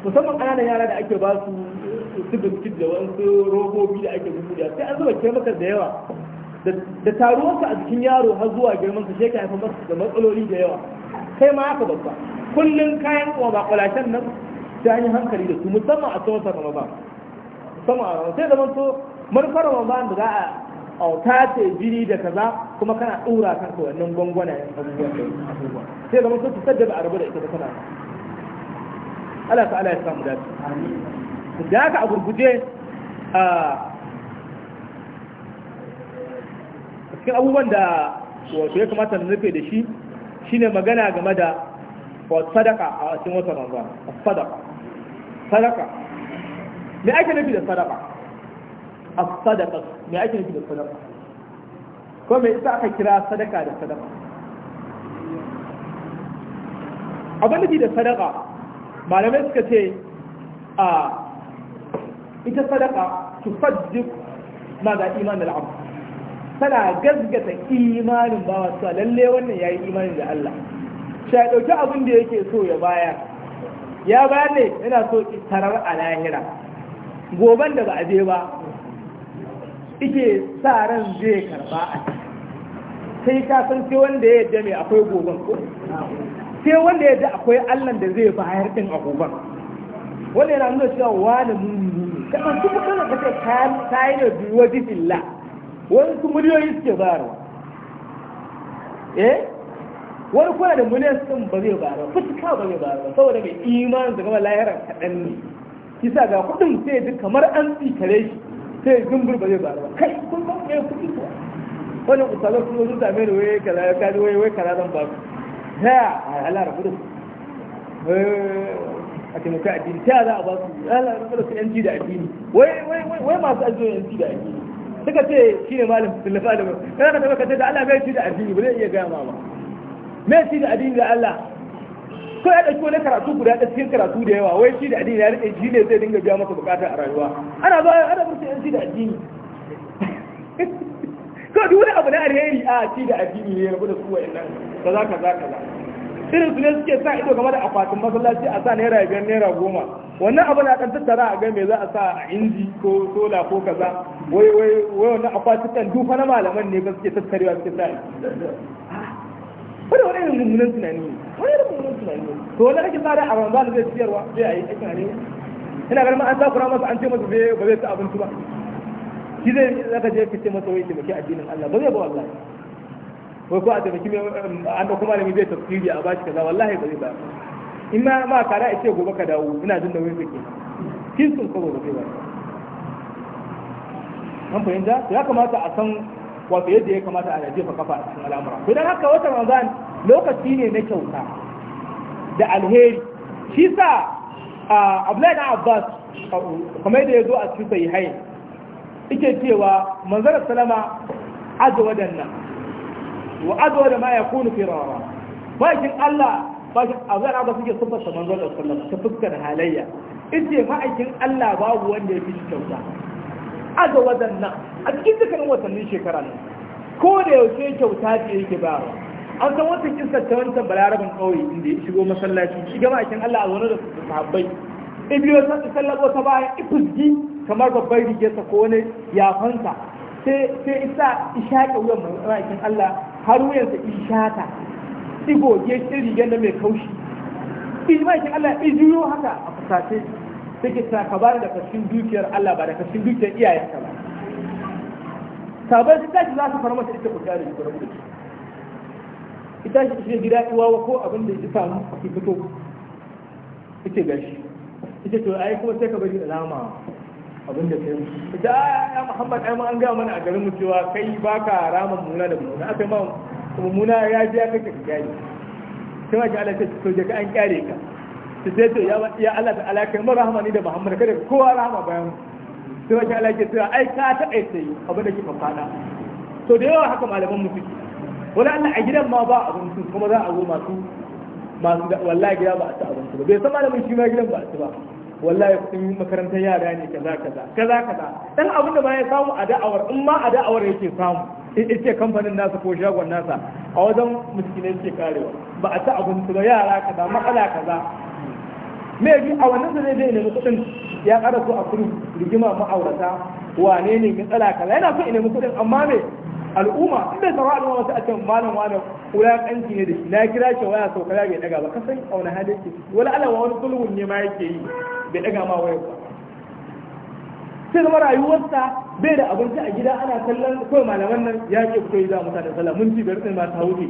musamman ƙananan yara da ake ba su su biskit da wasu robobi da ake da sai an zuba maka da yawa da taruwarsa a cikin yaro har zuwa girman su shekara haifar masu da matsaloli da yawa kai ma haka babba kullum kayan kuma ba kwalashen nan ta yi hankali da su musamman a tsawon sarrafa ba musamman a ramadan sai zaman so manufar ramadan da za a auta ce jini da kaza kuma kana ɗora kan wannan gwangwana yan abubuwa sai zaman so su ba a rabu da ita da kana Allah ta'ala ya samu dace da haka a gurguje a cikin abubuwan da wato ya kamata na nufe da shi shine magana game da sadaka a cikin wata Ramadan sadaka sadaka me ake nufi da sadaka as-sadaqa me ake nufi da sadaka ko me yasa aka kira sadaka da sadaka abin da da sadaka malamai suka ce a ita sadaka tufaddiq ma ga imanin al'am tana gazgata imanin bawa su lalle wannan ya yi imanin da Allah shi ya ɗauki abin da yake so ya bayar ya bayar ne yana so tarar a lahira goban da ba a je ba ike sa ran zai karba a sai ka san sai wanda ya yadda mai akwai goban ko sai wanda ya ji akwai Allah da zai bayar din abubuwan wanda yana nuna cewa wani muni ne kamar su kana kace kayan da biwa jifilla wani su miliyoyi suke bayarwa eh wani kuna da miliyan sun ba zai bayar ba fuska ba zai bayar ba saboda mai imanin da gama lahirar kaɗan ne kisa ga kuɗin sai duk kamar an tsikare shi sai zumbur ba zai bayar kai kun ba me kuɗi kuwa wannan wani sun zo sun same da wai kaza wai kaza zan ba su. ta ya Allah rabu da su eh, a taimaka addini ta za a ba su Allah rabu da su yanci da addini wai masu ajiyo yanci da addini suka ce shi ne malam tallafa da mai kana ka tabbata ka da Allah bai ci da addini ba zai iya gaya ba me ci da addini da Allah ko ya dauki wani karatu guda da cikin karatu da yawa wai ci da addini ya rike shi ne zai dinga biya masa bukata a rayuwa ana ba ana burta yanci da addini ko duk wani abu na alheri a ci da addini ne ya rabu da su wa'annan kaza kaza kaza irin su ne suke sa ido game da akwatin masallaci a sa naira biyar naira goma wannan abu na kan tattara a ga me za a sa a inji ko sola ko kaza wai wai wai wannan akwatin kan dufa na malaman ne ba suke tattarewa suke sa wani wani irin mummunan tunani wani irin mummunan tunani to wani kake da a ramadan zai wa zai a yi aikin ne ina ganin an an kura masa an ce masa ba zai ta abinci ba shi zai zaka je ka ce masa wai taimaki addinin Allah ba zai ba wallahi ko ko a taimaki um, an da kuma malami zai tafsiri a bashi kaza wallahi ba zai ba in ma ma kara ya ce gobe ka dawo ina jin nauyin sake kin sun kawo ba zai ba an fahimta ya kamata a san wato yadda ya kamata a jefa kafa a cikin al'amura to dan haka wata ramadan lokaci ne na kyauta da alheri shi sa Abdullahi na Abbas kamar da ya zo a cikin sahihai yake cewa manzara salama aje wadannan wa azwa da ma yakunu firara bakin Allah bakin azan Allah suke sifar ta manzon da sallallahu ta fuskar halayya ite ma'aikin Allah babu wanda ya fi shi kyauta aga wadannan a cikin dukkanin watannin shekara ne ko da yaushe kyauta ce yake ba an san wata kisa ta wancan balarabin kauye inda ya shigo masallaci shi ga ma'aikin Allah a zaune da sahabbai ibiyo ta sallabo ta bayan ifuzgi kamar babbar rigarsa ko wani yafansa sai isa ishaƙe wuyan ma'aikin Allah har wuyansa in shata ibo ya shi rigar na mai kaushi in ma shi Allah in juyo haka a fusace take ta ka da kashin dukiyar Allah ba da kashin dukiyar iyayenka ba sabai su tashi za su fara masa ita kuka da shi rubuta ita shi shi gida uwa ko abin da ya samu a fito ita gashi ita to ai kuma sai ka bari da lama abin da kai ita ah, ya muhammad ai ma an ga mana a garin mu cewa kai baka ramin muna da muna aka ma kuma muna ya ji ya kake gani sai ma ji Allah ta to je ka an kare ka ta to ya ya Allah ta alaka mu rahmani da muhammad kada kowa rahama bayan sai ma ji Allah ke cewa ai ka ta kai sai abin da kika fada to da yawa haka malaman mu suke wani Allah a gidan ma ba su kuma za a zo masu masu wallahi gida ba a ci abinci ba bai san malamin shi ma gidan ba a ci ba wallahi yi makarantar yara ne kaza kaza kaza kaza dan abinda ba ya samu a da'awar in ma a da'awar yake samu yake kamfanin nasa ko shagon nasa a wajen miskinai ke karewa ba a ta abinci ba yara kaza matsala kaza Me bi a wannan zai zai nemi kudin ya kara so a kudu rigima ma'aurata wane ne matsala kaza yana so ina nemi kudin amma me al'umma in da saurara al'umma wasu akan malam wani wulaƙanci ne da shi na kira shi waya sau kaza bai daga ba san a wani hali ke wani alawa wani sulhun ne ma yake yi bai daga ma wayar ba sai zama rayuwarsa bai da abinci a gida ana kallon kawai malaman nan ya ke fito yi za mutane sallah mun ci biyar ɗin ma ta wuce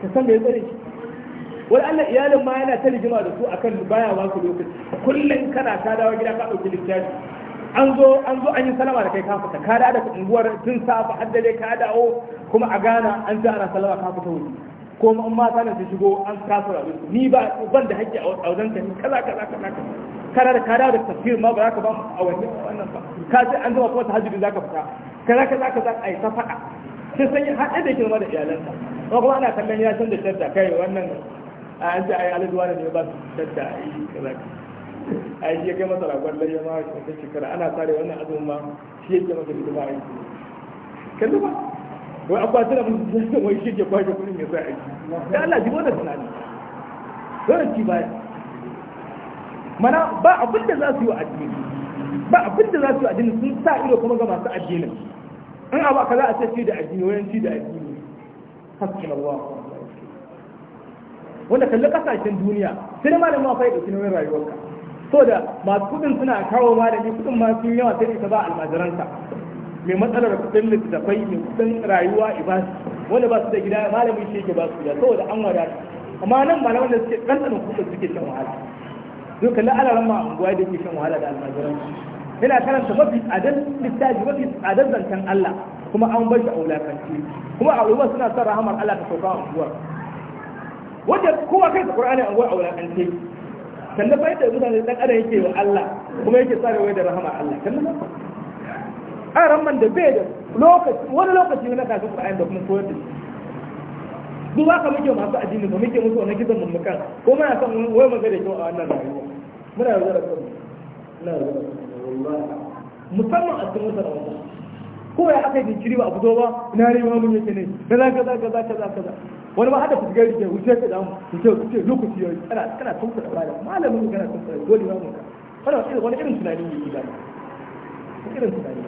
ka san bai tsare shi wani allah iyalin ma yana ta rigima da su akan baya ba su lokaci kullum kana ta dawo gida ka ɗauki littafi an zo an zo an yi salama da kai ka fita ka da unguwar tun safa har dare ka dawo kuma a gana an ji ana salama ka fita wuri ko an mata ne su shigo an kasu rabu ni ba ban da hakki a wajen ka kaza kaza kaza kana da ka da tafsir ma ba za ka ba mu a wannan ba ka ce an zama kuma tahajjudi za ka fita kaza kaza kaza ai ta faɗa sai san ya haɗe da girma da iyalansa ko kuma ana kallon ya san da shadda kai wannan an ji ai da ne ba su shadda ai kaza a yake ya kai masa ragon layya ma wata shekara ana tsare wannan azumin ma shi yake masa hidima a aiki. kalli ba wai an tana mun da zai wai shi ke kwashe kudin ya sa aiki da Allah ji wannan tunani dole ci ba mana ba abin da za su yi wa addini ba abin da za su yi addini sun sa ido kuma ga masu addini in abu kaza a ce da addini wayan ci da addini Allah wanda kalli kasashen duniya sai ma da ma faida sunan rayuwarka so da masu kuɗin suna kawo malami kuɗin ma sun yawa sai ta ba almajiranta. mai matsalar kuɗin littattafai mai kuɗin rayuwa ibas wanda ba su da gida malamin shi yake ba su gida saboda an wadata amma nan malaman wanda suke ɗanɗanin kudin suke shan wahala zai kalli alaran ma unguwa da ke shan wahala da almajiranta. yana karanta mafi tsadar littafi mafi tsadar zancen Allah kuma an bar shi a wulakanci kuma a ruwa suna son rahamar Allah ta sauka a unguwar wanda kowa kai ta Qur'ani a unguwar a wulakance kalla fa yadda mutane dan adam yake wa Allah kuma yake sa wai da rahama Allah kalla a ramman da bai da lokaci wani lokaci na kafin Qur'ani da kuma koyar da ba ka muke masu addini ba muke musu wannan kisan mummukan ko muna son wai maga da kyau a wannan rayuwa muna yarda da kanmu muna yarda musamman a cikin wata ramadan ko ya aka yi jinkiri ba a fito ba na rewa mun yake ne da za ka za wani ba hada fuskar rike wuce da damu wuce wuce lokaci yayi kana kana tunku da bada malamin kana tunku da dole mamu ka kana irin wani irin tunani ne ki gani irin tunani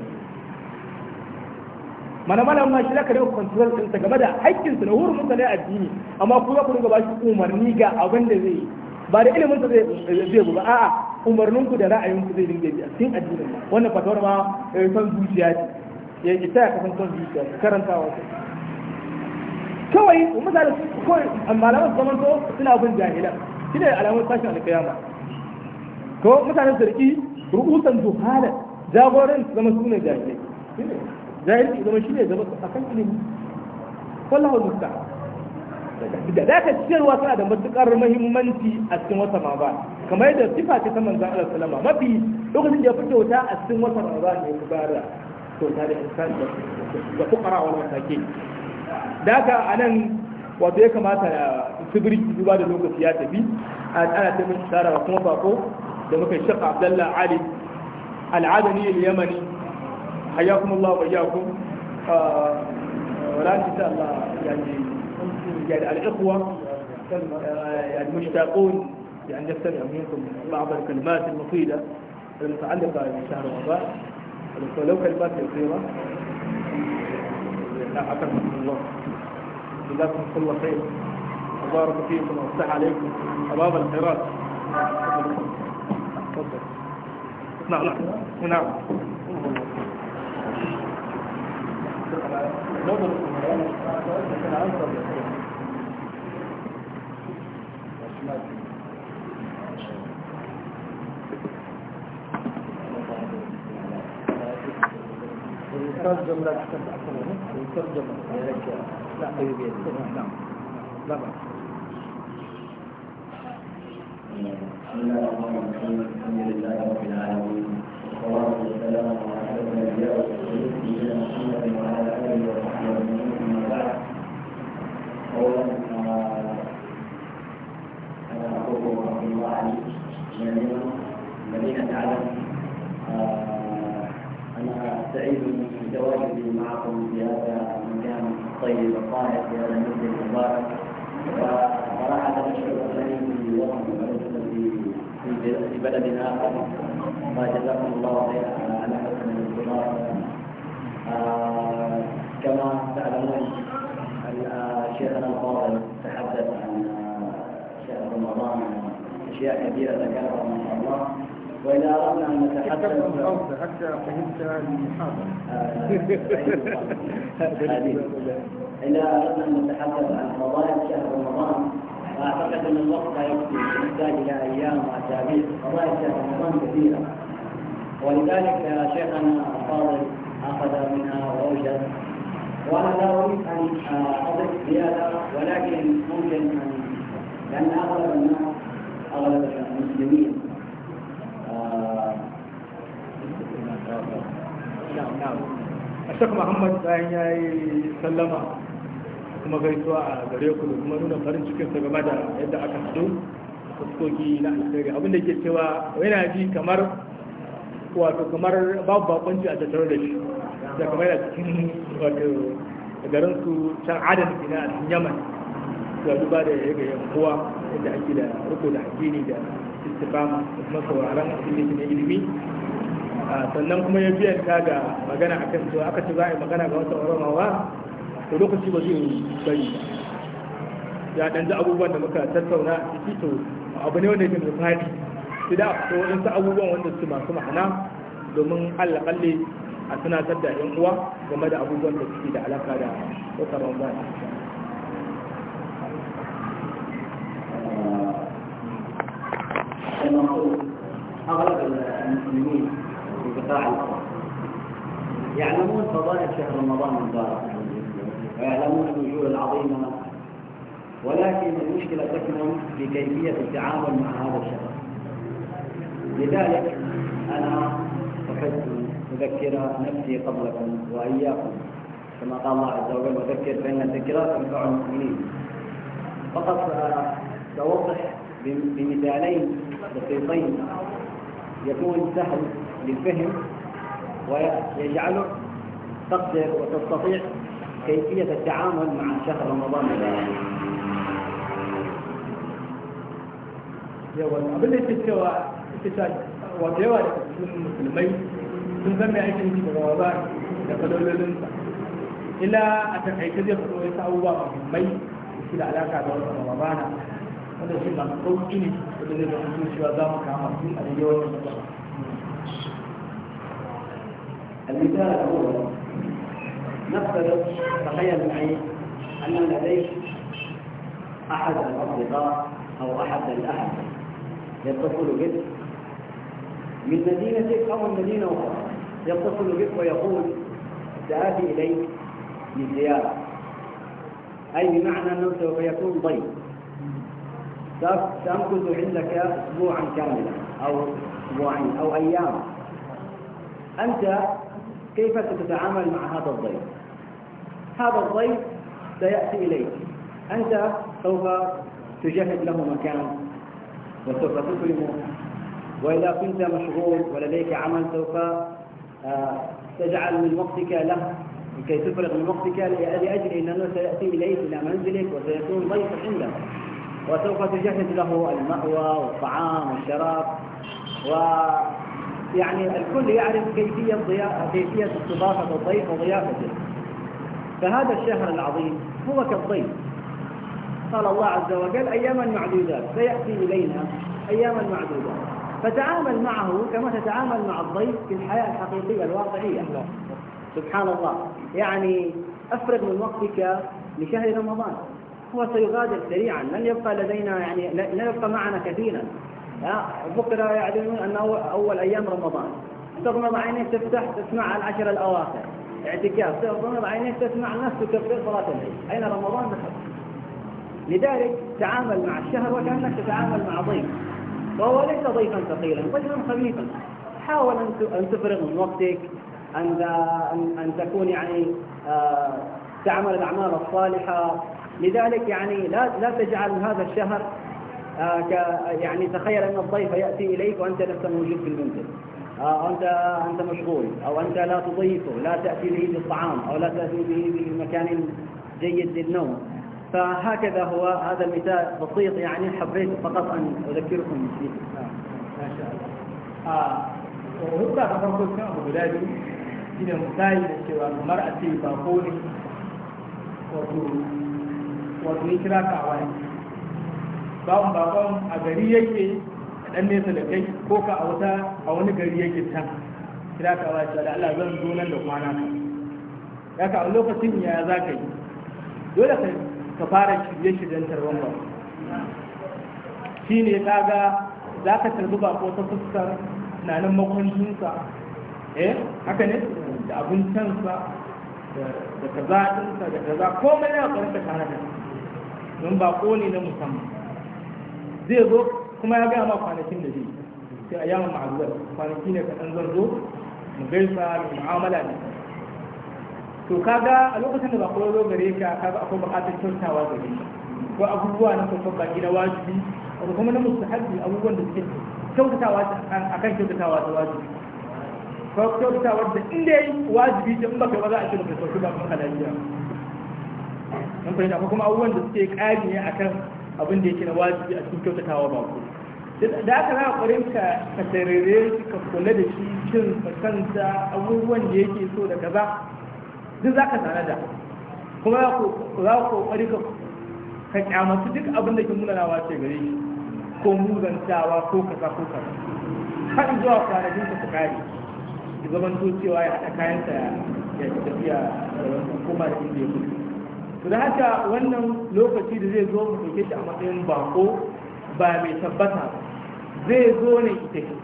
mana mana ma shi zaka dinga control din ta game da haƙƙin su na hurumin sa ne addini amma ku za ku dinga ba shi umarni ga abin da zai yi ba da ilimin sa zai zai ba a'a umarnin ku da ra'ayin ku zai dinga bi a cikin addinin wannan fatawar ma eh, san zuciya ce ya ki ta ka san zuciya karantawa ta. kawai mutane su kawai malaman su zamanto suna bin jahilan shi ne alamun tashin alkiyama ko mutanen sarki ru'usan duhala jagoran su zama su ne jahilai su zama shi ne zama a kan ilimi Kwallon wallahu sa, da daga ciyarwa tana da matukar muhimmanci a cikin wata ma ba kamar yadda sifa ce ta manzon Allah salama mafi lokacin da ya fi kyauta a cikin wata ba ne ya fi bara kyauta da insani da fuqara wal masakin da haka a nan wato ya kamata na sibiri duba da lokaci ya tafi ana ta mishi tara kuma bako da muka yi shaka abdallah ali al'adani al-yamani hayyakum allah wa iyyakum ran insha allah yani يعني الإخوة يعني مشتاقون يعني نستمع منكم بعض الكلمات المفيدة المتعلقة بشهر رمضان ولو كلمات يسيرة لا حكمكم الله جزاكم كل خير وبارك فيكم وافتح عليكم أبواب الخيرات تفضل نعم نعم ترجم لا تحتاج أكثر منه ترجم بسم الله الرحمن الرحيم الحمد لله رب العالمين والصلاه والسلام على اشرف الانبياء والمرسلين نبينا محمد وعلى اله وصحبه اجمعين اما بعد اولا انا اقول رحمه الله عليه الذين تعلم أنا سعيد بتواجدي معكم في هذا المكان الطيب الطاهر في هذا المسجد المبارك وصراحة أشكر أهلي في وطن في بلد آخر ما جزاكم الله خيرا على حسن الاستمرار آه، كما تعلمون شيخنا الفاضل تحدث عن آه، شهر رمضان أشياء كثيرة ذكرها ما شاء الله وإذا أردنا أن نتحدث حتى فهمت المحاضرة إذا أردنا أن نتحدث عن فضائل شهر رمضان فأعتقد أن الوقت لا يكفي نحتاج إلى أيام وأسابيع فضائل شهر رمضان كثيرة ولذلك شيخنا الفاضل أخذ منها وأوجد وأنا لا أريد أن أضف زيادة shek muhammad bayan ya yi sallama kuma gaisuwa a gare ku da kuma nuna farin cikin sa game da yadda aka fito fuskoki na alkhairi abinda ke cewa yana ji kamar wato kamar babu bakonci a tattare da shi da kamar yana cikin wato garin su can adana gina a cikin yaman da duba da ya ga yankuwa yadda ake da riko da hakini da istifama da kuma sauraron a cikin ilimi sannan kuma ya biyan ta ga magana a kan cewa aka ce za a yi magana ga wata oromawa to lokaci ba zai bari ya dan ji abubuwan da muka tattauna a ciki to abu ne wanda ya da fadi sai da a waɗansu abubuwan wanda su masu ma'ana domin allah kalle a tunatar da yan uwa game da abubuwan da suke da alaka da wata ramadan أغلب المسلمين يعلمون فضائل شهر رمضان المبارك ويعلمون الأجور العظيمة ولكن المشكلة تكمن في كيفية التعامل مع هذا الشهر لذلك أنا أحب أذكر نفسي قبلكم وإياكم كما قال الله عز وجل وذكر فإن الذكرى تنفع المؤمنين فقط سأوضح بمثالين بسيطين يكون سهل للفهم ويجعله تقدر وتستطيع كيفية التعامل مع شهر رمضان إلا أتن حيث يفضل ويسعوا بابا مي وكل علاقة دولة رمضانا هذا شيء مقصود إني وبدأ يجب أن يكون شوى دامك عمر في اليوم المثال الأول نفترض تخيل معي أن لديك أحد الأصدقاء أو أحد الأهل يتصل بك من مدينتك أو من مدينة أخرى يتصل بك ويقول سآتي إليك للزيارة أي بمعنى أنه سوف يكون ضيف سأمكث عندك أسبوعا كاملا أو أسبوعين أو أيام أنت كيف ستتعامل مع هذا الضيف هذا الضيف سيأتي إليك أنت سوف تجهز له مكان وسوف تكرمه وإذا كنت مشغول ولديك عمل سوف آه، تجعل من وقتك له لكي تفرغ من وقتك لأجل أنه سيأتي إليك إلى منزلك وسيكون ضيف عندك وسوف تجهز له المأوى والطعام والشراب يعني الكل يعرف كيفية ضياء كيفية استضافة الضيف وضيافته فهذا الشهر العظيم هو كالضيف قال الله عز وجل أياما معدودات سيأتي إلينا أياما معدودات فتعامل معه كما تتعامل مع الضيف في الحياة الحقيقية الواقعية نعم. سبحان الله يعني أفرغ من وقتك لشهر رمضان هو سيغادر سريعا لن يبقى لدينا يعني لن يبقى معنا كثيرا بكرة يعلمون أنه أول أيام رمضان تغمض عينيك تفتح تسمع العشر الأواخر اعتكاف تغمض عينيك تسمع نفس تكبير صلاة العيد أين رمضان دخل لذلك تعامل مع الشهر وكأنك تتعامل مع ضيف وهو ليس ضيفا ثقيلا ضيفا خفيفا حاول أن تفرغ من وقتك أن أن تكون يعني آه، تعمل الأعمال الصالحة لذلك يعني لا لا تجعل هذا الشهر آه، يعني تخيل أن الضيف يأتي إليك وأنت لست موجود في المنزل آه، أنت أنت مشغول أو أنت لا تضيفه لا تأتي به بالطعام أو لا تأتي به بمكان جيد للنوم فهكذا هو هذا المثال بسيط يعني حبيت فقط أن أذكركم به آه. ما شاء الله آه ta farko cikin abu guda biyu shi ne misali da cewa kamar a babu baban a gari yake dan nesa da kai ko ka a wata a wani gari yake can kira ka ba da Allah zan zo nan da kwana ka ya ka a lokacin ya za ka yi dole ka ka fara shirye shiryen tarwan ba shi ne ga za ka tarbi ko ta fuskar na nan makwancinsa eh haka ne da abincinsa da kaza ɗinsa da kaza komai na ƙarfi ta hana don bako ne na musamman zai zo kuma ya gaya ma kwanakin da zai sai a yawon ma'azuwar kwanaki ne kaɗan zan zo mu gaisa mu mu'amala ne to kaga a lokacin da ba kowa zo gare ka kaga akwai buƙatar kyautawa gare ka ko abubuwa na kwakwan baki na wajibi ko kuma na mustahabi abubuwan da suke kyautatawa kan kyautatawa ta wajibi ko kyautatawa da inda yi wajibi da in baka ba za a ce baka sauki ba kuma halaliya mun fahimta ko kuma abubuwan da suke ƙari ne a kan. abin da yake na wajibi a cikin kyautatawa ba ku da aka za a ƙwarin ka ka tarere ka kula da shi cin kansa abubuwan da yake so da kaza duk za ka da. kuma za ku ƙwari ka ka kyamatu duk abin da ke munanawa ce gare shi ko muzantawa ko kaza ko kaza har zuwa kwanakin ka su kare zaman to cewa ya haɗa kayansa ya tafiya kuma da inda ya mutu to da haka wannan lokaci da zai zo mu ɗauke shi a matsayin bako ba mai tabbata zai zo ne ita ke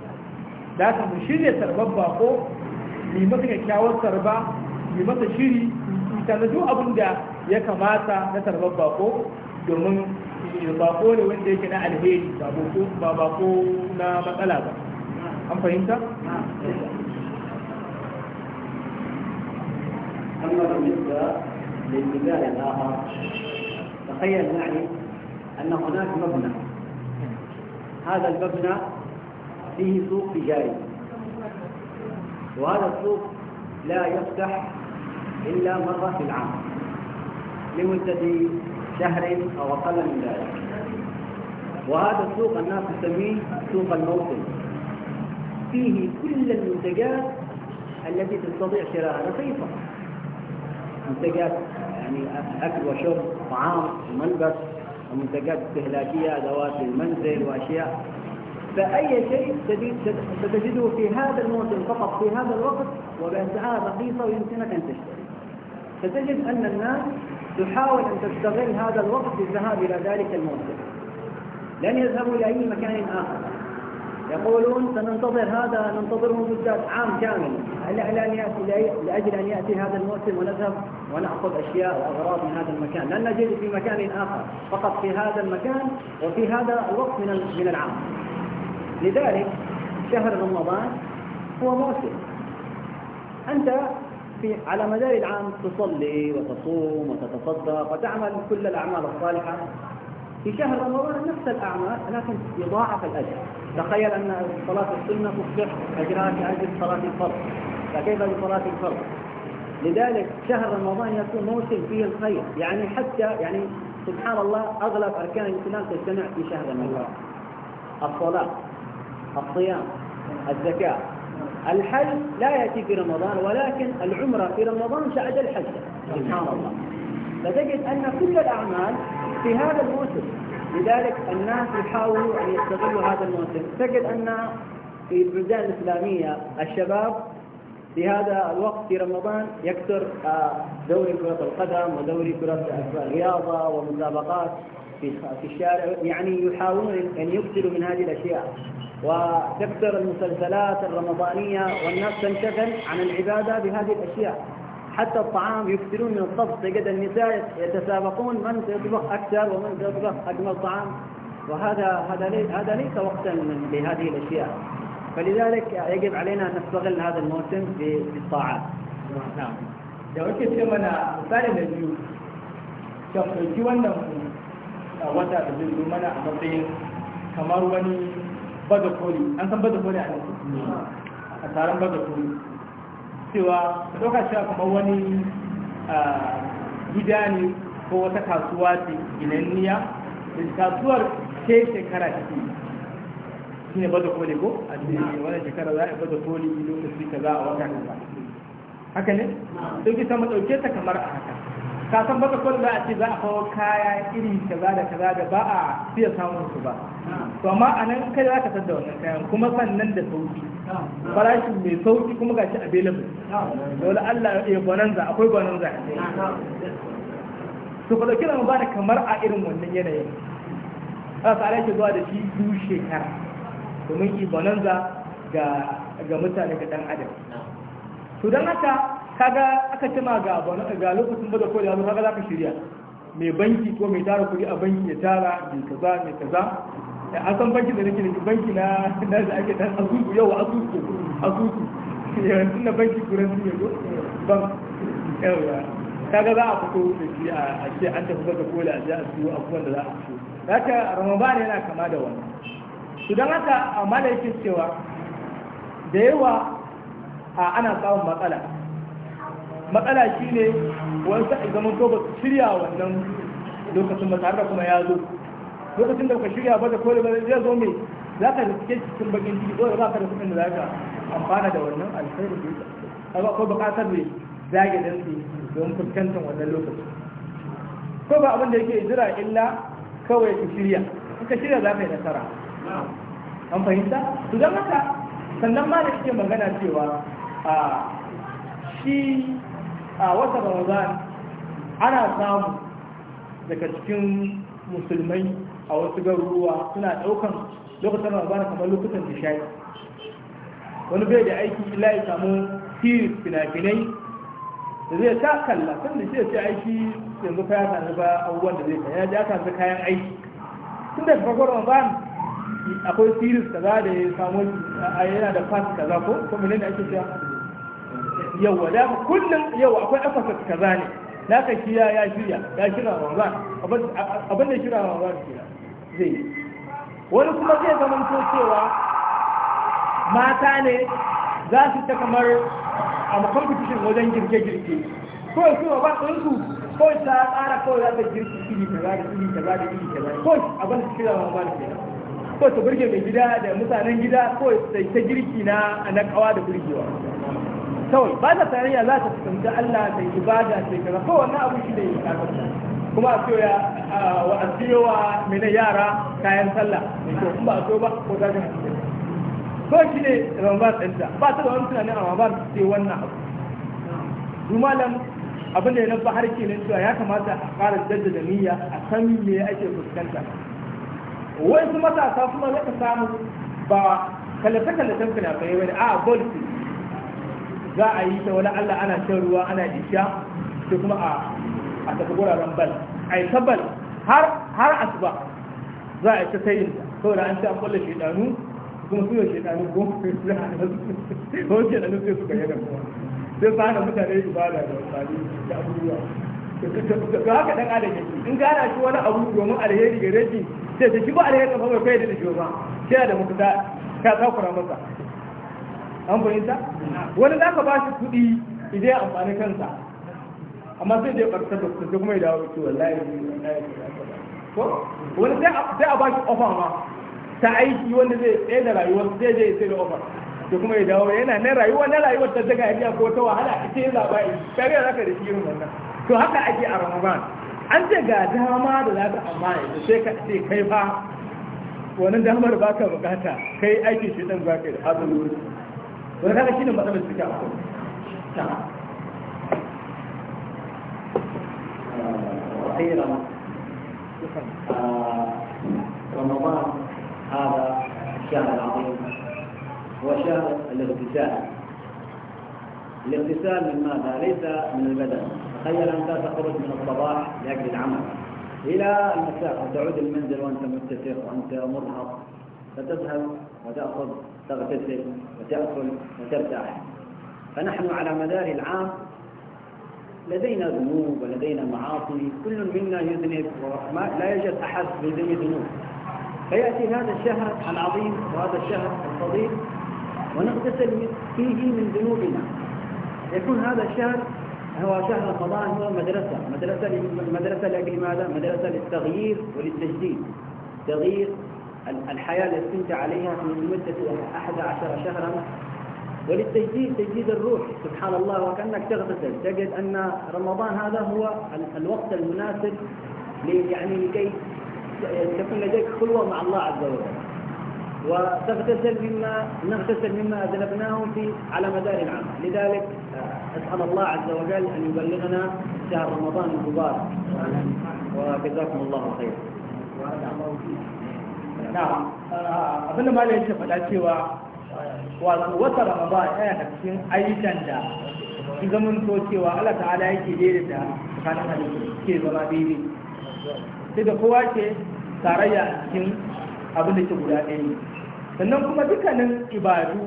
da haka mu shirya tarbar bako mai masa kyakkyawar sarba mai masa shiri mu tanadi abin da ya kamata na tarbar bako domin bako ne wanda yake na alheri ba bako na matsala ba an fahimta? Allah للمثال الآخر تخيل معي أن هناك مبنى هذا المبنى فيه سوق تجاري وهذا السوق لا يفتح إلا مرة في العام لمدة شهر أو أقل من ذلك وهذا السوق الناس تسميه سوق الموسم فيه كل المنتجات التي تستطيع شراءها رخيصة منتجات يعني أكل وشرب طعام وملبس ومنتجات استهلاكية أدوات المنزل وأشياء فأي شيء ستجده في هذا الموسم فقط في هذا الوقت وبأسعار رخيصة ويمكنك أن تشتري فتجد أن الناس تحاول أن تستغل هذا الوقت للذهاب إلى ذلك الموسم لن يذهبوا إلى أي مكان آخر يقولون سننتظر هذا ننتظره بالذات عام كامل لأجل أن يأتي لأجل أن يأتي هذا الموسم ونذهب ونأخذ أشياء وأغراض من هذا المكان لن نجد في مكان آخر فقط في هذا المكان وفي هذا الوقت من من العام لذلك شهر رمضان هو موسم أنت في على مدار العام تصلي وتصوم وتتصدق وتعمل كل الأعمال الصالحة في شهر رمضان نفس الأعمال لكن يضاعف الأجر تخيل أن صلاة السنة تصبح أجرها كأجر صلاة الفرض فكيف بصلاة الفرض؟ لذلك شهر رمضان يكون موسم فيه الخير يعني حتى يعني سبحان الله أغلب أركان الإسلام تجتمع في شهر رمضان الصلاة الصيام الزكاة الحج لا يأتي في رمضان ولكن العمرة في رمضان شعد الحج سبحان الله فتجد أن كل الأعمال في هذا الموسم لذلك الناس يحاولوا أن يستغلوا هذا الموسم تجد أن في البلدان الإسلامية الشباب في هذا الوقت في رمضان يكثر آه، دوري كرة القدم ودوري كرة الرياضة ومسابقات في في الشارع يعني يحاولون أن يكثروا من هذه الأشياء وتكثر المسلسلات الرمضانية والناس تنشغل عن العبادة بهذه الأشياء حتى الطعام يكثرون من الطبخ تجد النساء يتسابقون من سيطبخ أكثر ومن سيطبخ أجمل طعام وهذا هذا ليس هذا ليس وقتا لهذه الأشياء فلذلك يجب علينا أن نستغل هذا الموسم بالطاعات نعم kamar wani bada koli an san bada koli a a taron bada koli cewa ɗauka cewa kamar wani gida ne ko wata kasuwa ce ginanniya da kasuwar ke shekara ce shi ne bada koli ko a cikin wani shekara za a bada koli lokaci za a wata kaza haka ne? ɗauki sama ɗauke ta kamar a haka ka san baka kawai da a ce za a kawo kaya iri kaza da kaza da ba a fiye samun su ba to amma a nan kai za ka san da wannan kayan kuma sannan da sauki farashi mai sauki kuma ga shi available dole Allah ya bonanza akwai bonanza a to ka dauki Ramadan kamar a irin wannan yanayin a sa yake zuwa da shi du shekara domin ibonanza ga ga mutane ga dan adam to dan haka kaga aka cima ga ga lokacin bada kodi yanzu kaga zaka shirya mai banki ko mai tara kudi a banki ya tara mai kaza mai kaza eh, a san banki da nake nake banki na na da ake dan azuku yau azuku azuku Yawancin eh, na banki kuran su yago ban yawa kaga za a fito da shi a ce an tafi bada kodi a je a siyo abubuwan da za a fito haka ramadan yana kama da wannan su don haka amma da yake cewa da yawa ana samun matsala matsala shi ne wani sa'i zaman to ba su shirya wannan lokacin ba tare da kuma ya zo lokacin da ka shirya ba da kore ba zai zo mai za ka riske cikin bakin ciki ko za ka da kuɗin da za ka amfana da wannan alkhairu da ka ba ko buƙatar ne zage dan su don fuskantar wannan lokaci ko ba abin da yake jira illa kawai ka shirya in ka shirya za ka yi nasara an fahimta su zama haka sannan ma da yake magana cewa a shi a wata ramadan ana samu daga cikin musulmai a wasu garuruwa suna ɗaukan lokacin ramadan kamar lokutan nishaɗi wani bai da aiki illa ya samu tiris fina-finai da zai ta kalla sun da shi ce aiki yanzu kaya ta zaba abubuwan da zai kaya ya ta kayan aiki tun da farko ramadan akwai tiris kaza da ya samu yana da fas kaza ko kuma ne da ake shi yawa da kullum yawa akwai afasas kaza ne na ka kiya ya shirya ya shirya ramadan abin da shirya ramadan ke zai yi wani kuma zai zama to cewa mata ne za su ta kamar a competition wajen girke-girke kawai su ba ɗinsu kawai ta tsara kawai za ta girki iri kaza da iri kaza da iri kaza kawai abin da shirya ramadan ke kawai ta burge mai gida da mutanen gida kawai ta girki na na kawa da burgewa kawai ba ta tarayya za ta fitanta Allah da ibada ce kaza ko wannan abu shi da ya kafa kuma a siyo ya wa a siyo wa mene yara kayan sallah mai kyau kuma a so ba ko za ta na ko shi ne ramban ɗinta ba ta da wani tunanin a ramban ce wannan abu malam abin da ya nan har ke nan cewa ya kamata a ƙara jaddada niyya a san me ake fuskanta Wai wasu matasa kuma zaka samu ba kallace-kallacen fina bai wani a bolsi za a yi ta wani allah ana shan ruwa ana jisha sai kuma a tafi guraren bal a yi ta bal har asuba za a yi ta sayin saboda an ci an kwallo shaidanu kuma su yau shaidanu ko ko shaidanu sai su bayyana kuma sai fara hana mutane ba da amfani da abubuwa to haka dan adam yake in gana shi wani abu domin alheri ga rashi sai ta shi ba alheri kamar bai kai da shi ba sai da mutu ta kura masa an fahimta wani za ka ba shi kuɗi idan ya amfani kansa amma sai ya ɓarkar da kuɗi kuma ya dawo ce wallahi ko wani sai a ba shi ofa ma ta aiki wanda zai tsaye da rayuwar zai je sai da ofa da kuma ya dawo yana na rayuwa na rayuwar ta daga ya ko ta wahala ita ya zaɓa yi kare za ka da shi irin wannan to haka ake a ramadan an ce ga dama da za ka amma yanzu sai ka ce kai fa wannan damar ba ka bukata kai aikin shi ɗan za ka yi da azumi wani kaga shi ne matsalar suke a وأخيرا رمضان هذا الشهر العظيم هو شهر الاغتسال الاغتسال من ماذا؟ ليس من البدن تخيل أنت تخرج من الصباح لأجل العمل إلى المساء وتعود المنزل وأنت متسخ وأنت مرهق فتذهب وتأخذ تغتسل وتأكل وترتاح فنحن على مدار العام لدينا ذنوب ولدينا معاصي كل منا يذنب لا يوجد أحد بدون ذنوب فيأتي هذا الشهر العظيم وهذا الشهر الفضيل ونغتسل فيه من ذنوبنا يكون هذا الشهر هو شهر رمضان هو مدرسة مدرسة مدرسة لأجل ماذا؟ مدرسة للتغيير وللتجديد تغيير الحياة التي كنت عليها من مدة أحد عشر شهرا وللتجديد تجديد الروح سبحان الله وكأنك تغتسل تجد أن رمضان هذا هو الوقت المناسب يعني لكي تكون لديك خلوة مع الله عز وجل وتغتسل مما نغتسل مما أذنبناه في على مدار العام لذلك آه، أسأل الله عز وجل أن يبلغنا شهر رمضان المبارك وجزاكم الله خيرا na ah, abinda malam yake faɗa cewa wato wata ramadan yana da cikin ayyukan da su zaman to cewa Allah ta'ala yake daidaita tsakanin halittu ke zama daidai sai da kowa ke tarayya cikin abin da ke guda ɗaya ne sannan kuma dukkanin ibadu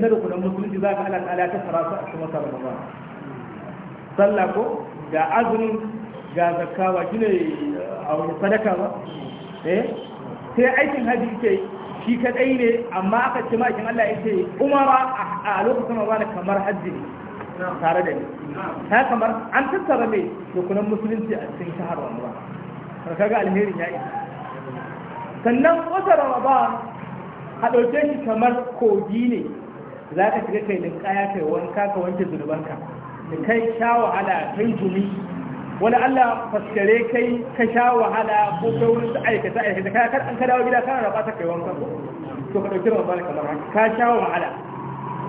na rukunan musulunci za ka Allah ta'ala ta fara su a cikin wata ramadan sallah ko ga azumin ga zakka wa shine a ah, wani sadaka ba eh sai aikin hajji ke shi kadai ne amma aka ce makin Allah ya ce umara a lokacin Ramadan kamar haji ne tare da ni ta kamar an tattara mai dokunan musulunci a cikin shahar Ramadan kaga alherin ya isa sannan wata Ramadan a ɗauke shi kamar kogi ne za ka shiga kai linkaya kai wanka ka wanke zunubanka da kai sha wahala kai gumi wani Allah faskare kai ka sha wahala ko ka wurin su aikata aikata kaya kar an ka dawo gida kana raba ta kai wanka ko to ka dauki ramadan kamar haka ka sha wahala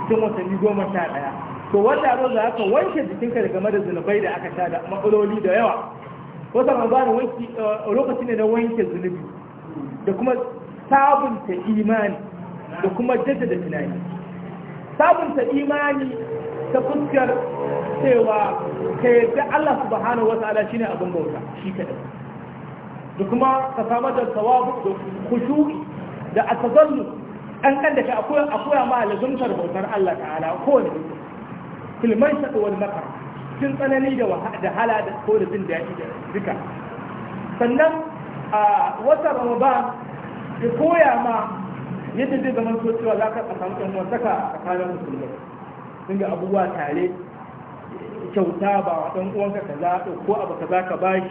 cikin watanni goma sha daya to wanda zo za ka wanke jikinka daga da zunubai da aka sha da matsaloli da yawa ban ramadan wanki eh, lokaci ne na wanke zunubi da kuma sabunta imani da kuma jaddada tunani sabunta imani ta fuskar cewa ka yadda Allah subhanahu wata'ala shine abin bauta shi kadai da kuma ka samar da tawabu da kushu da atazallu an kan da ka akwai akwai ma lazumtar bautar Allah ta'ala ko ne filman shaɗu maka makar cin tsanani da wahala da ko da jin daɗi da duka sannan a wata ramadan ya koya ma yadda zai zama so cewa za ka samu ɗan ka tsakanin musulmai sun ga abubuwa tare kyauta ba wa ɗan uwanka kaza ko abu ka za ka bashi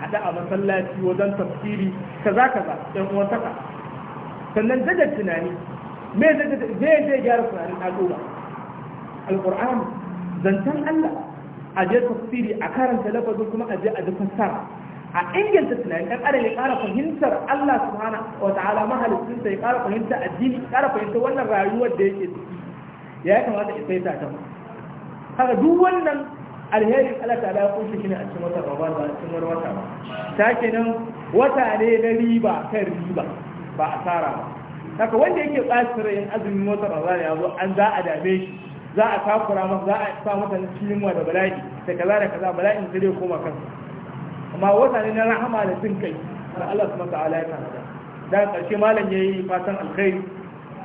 haɗa a masallaci wajen tafsiri ka kaza kaza ɗan uwan taka sannan daga tunani me zai zai gyara tunanin al'umma alƙur'an zancen Allah a je tafsiri a karanta lafazin kuma a je a ji fassara a inganta tunani ɗan adam ya ƙara fahimtar Allah subhanahu wa ta'ala mahalicinsa ya ƙara fahimta addini ya ƙara fahimta wannan rayuwar da yake ciki ya kamata ya saita ta haka duk wannan alherin Allah ta ya kunshi shi a cikin wata Ramadan ba a cikin wani wata ba ta kenan wata ne na riba kan riba ba asara ba haka wanda yake ɓaci rayin azumin wata Ramadan ya zo an za a dame shi za a takura masa za a sa masa cikin da bala'i da kaza da kaza bala'in sai dai koma kansa amma wata ne na rahama da sun kai har Allah subhanahu wa ta'ala ya tanada da ƙarshe malam yayi fatan alkhairi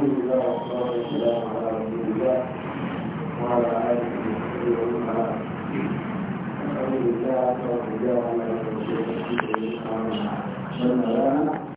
الحمد لله والصلاة والسلام على رسول الله وعلى آله وصحبه وسلم الحمد لله رب العالمين والصلاة والسلام على رسول الله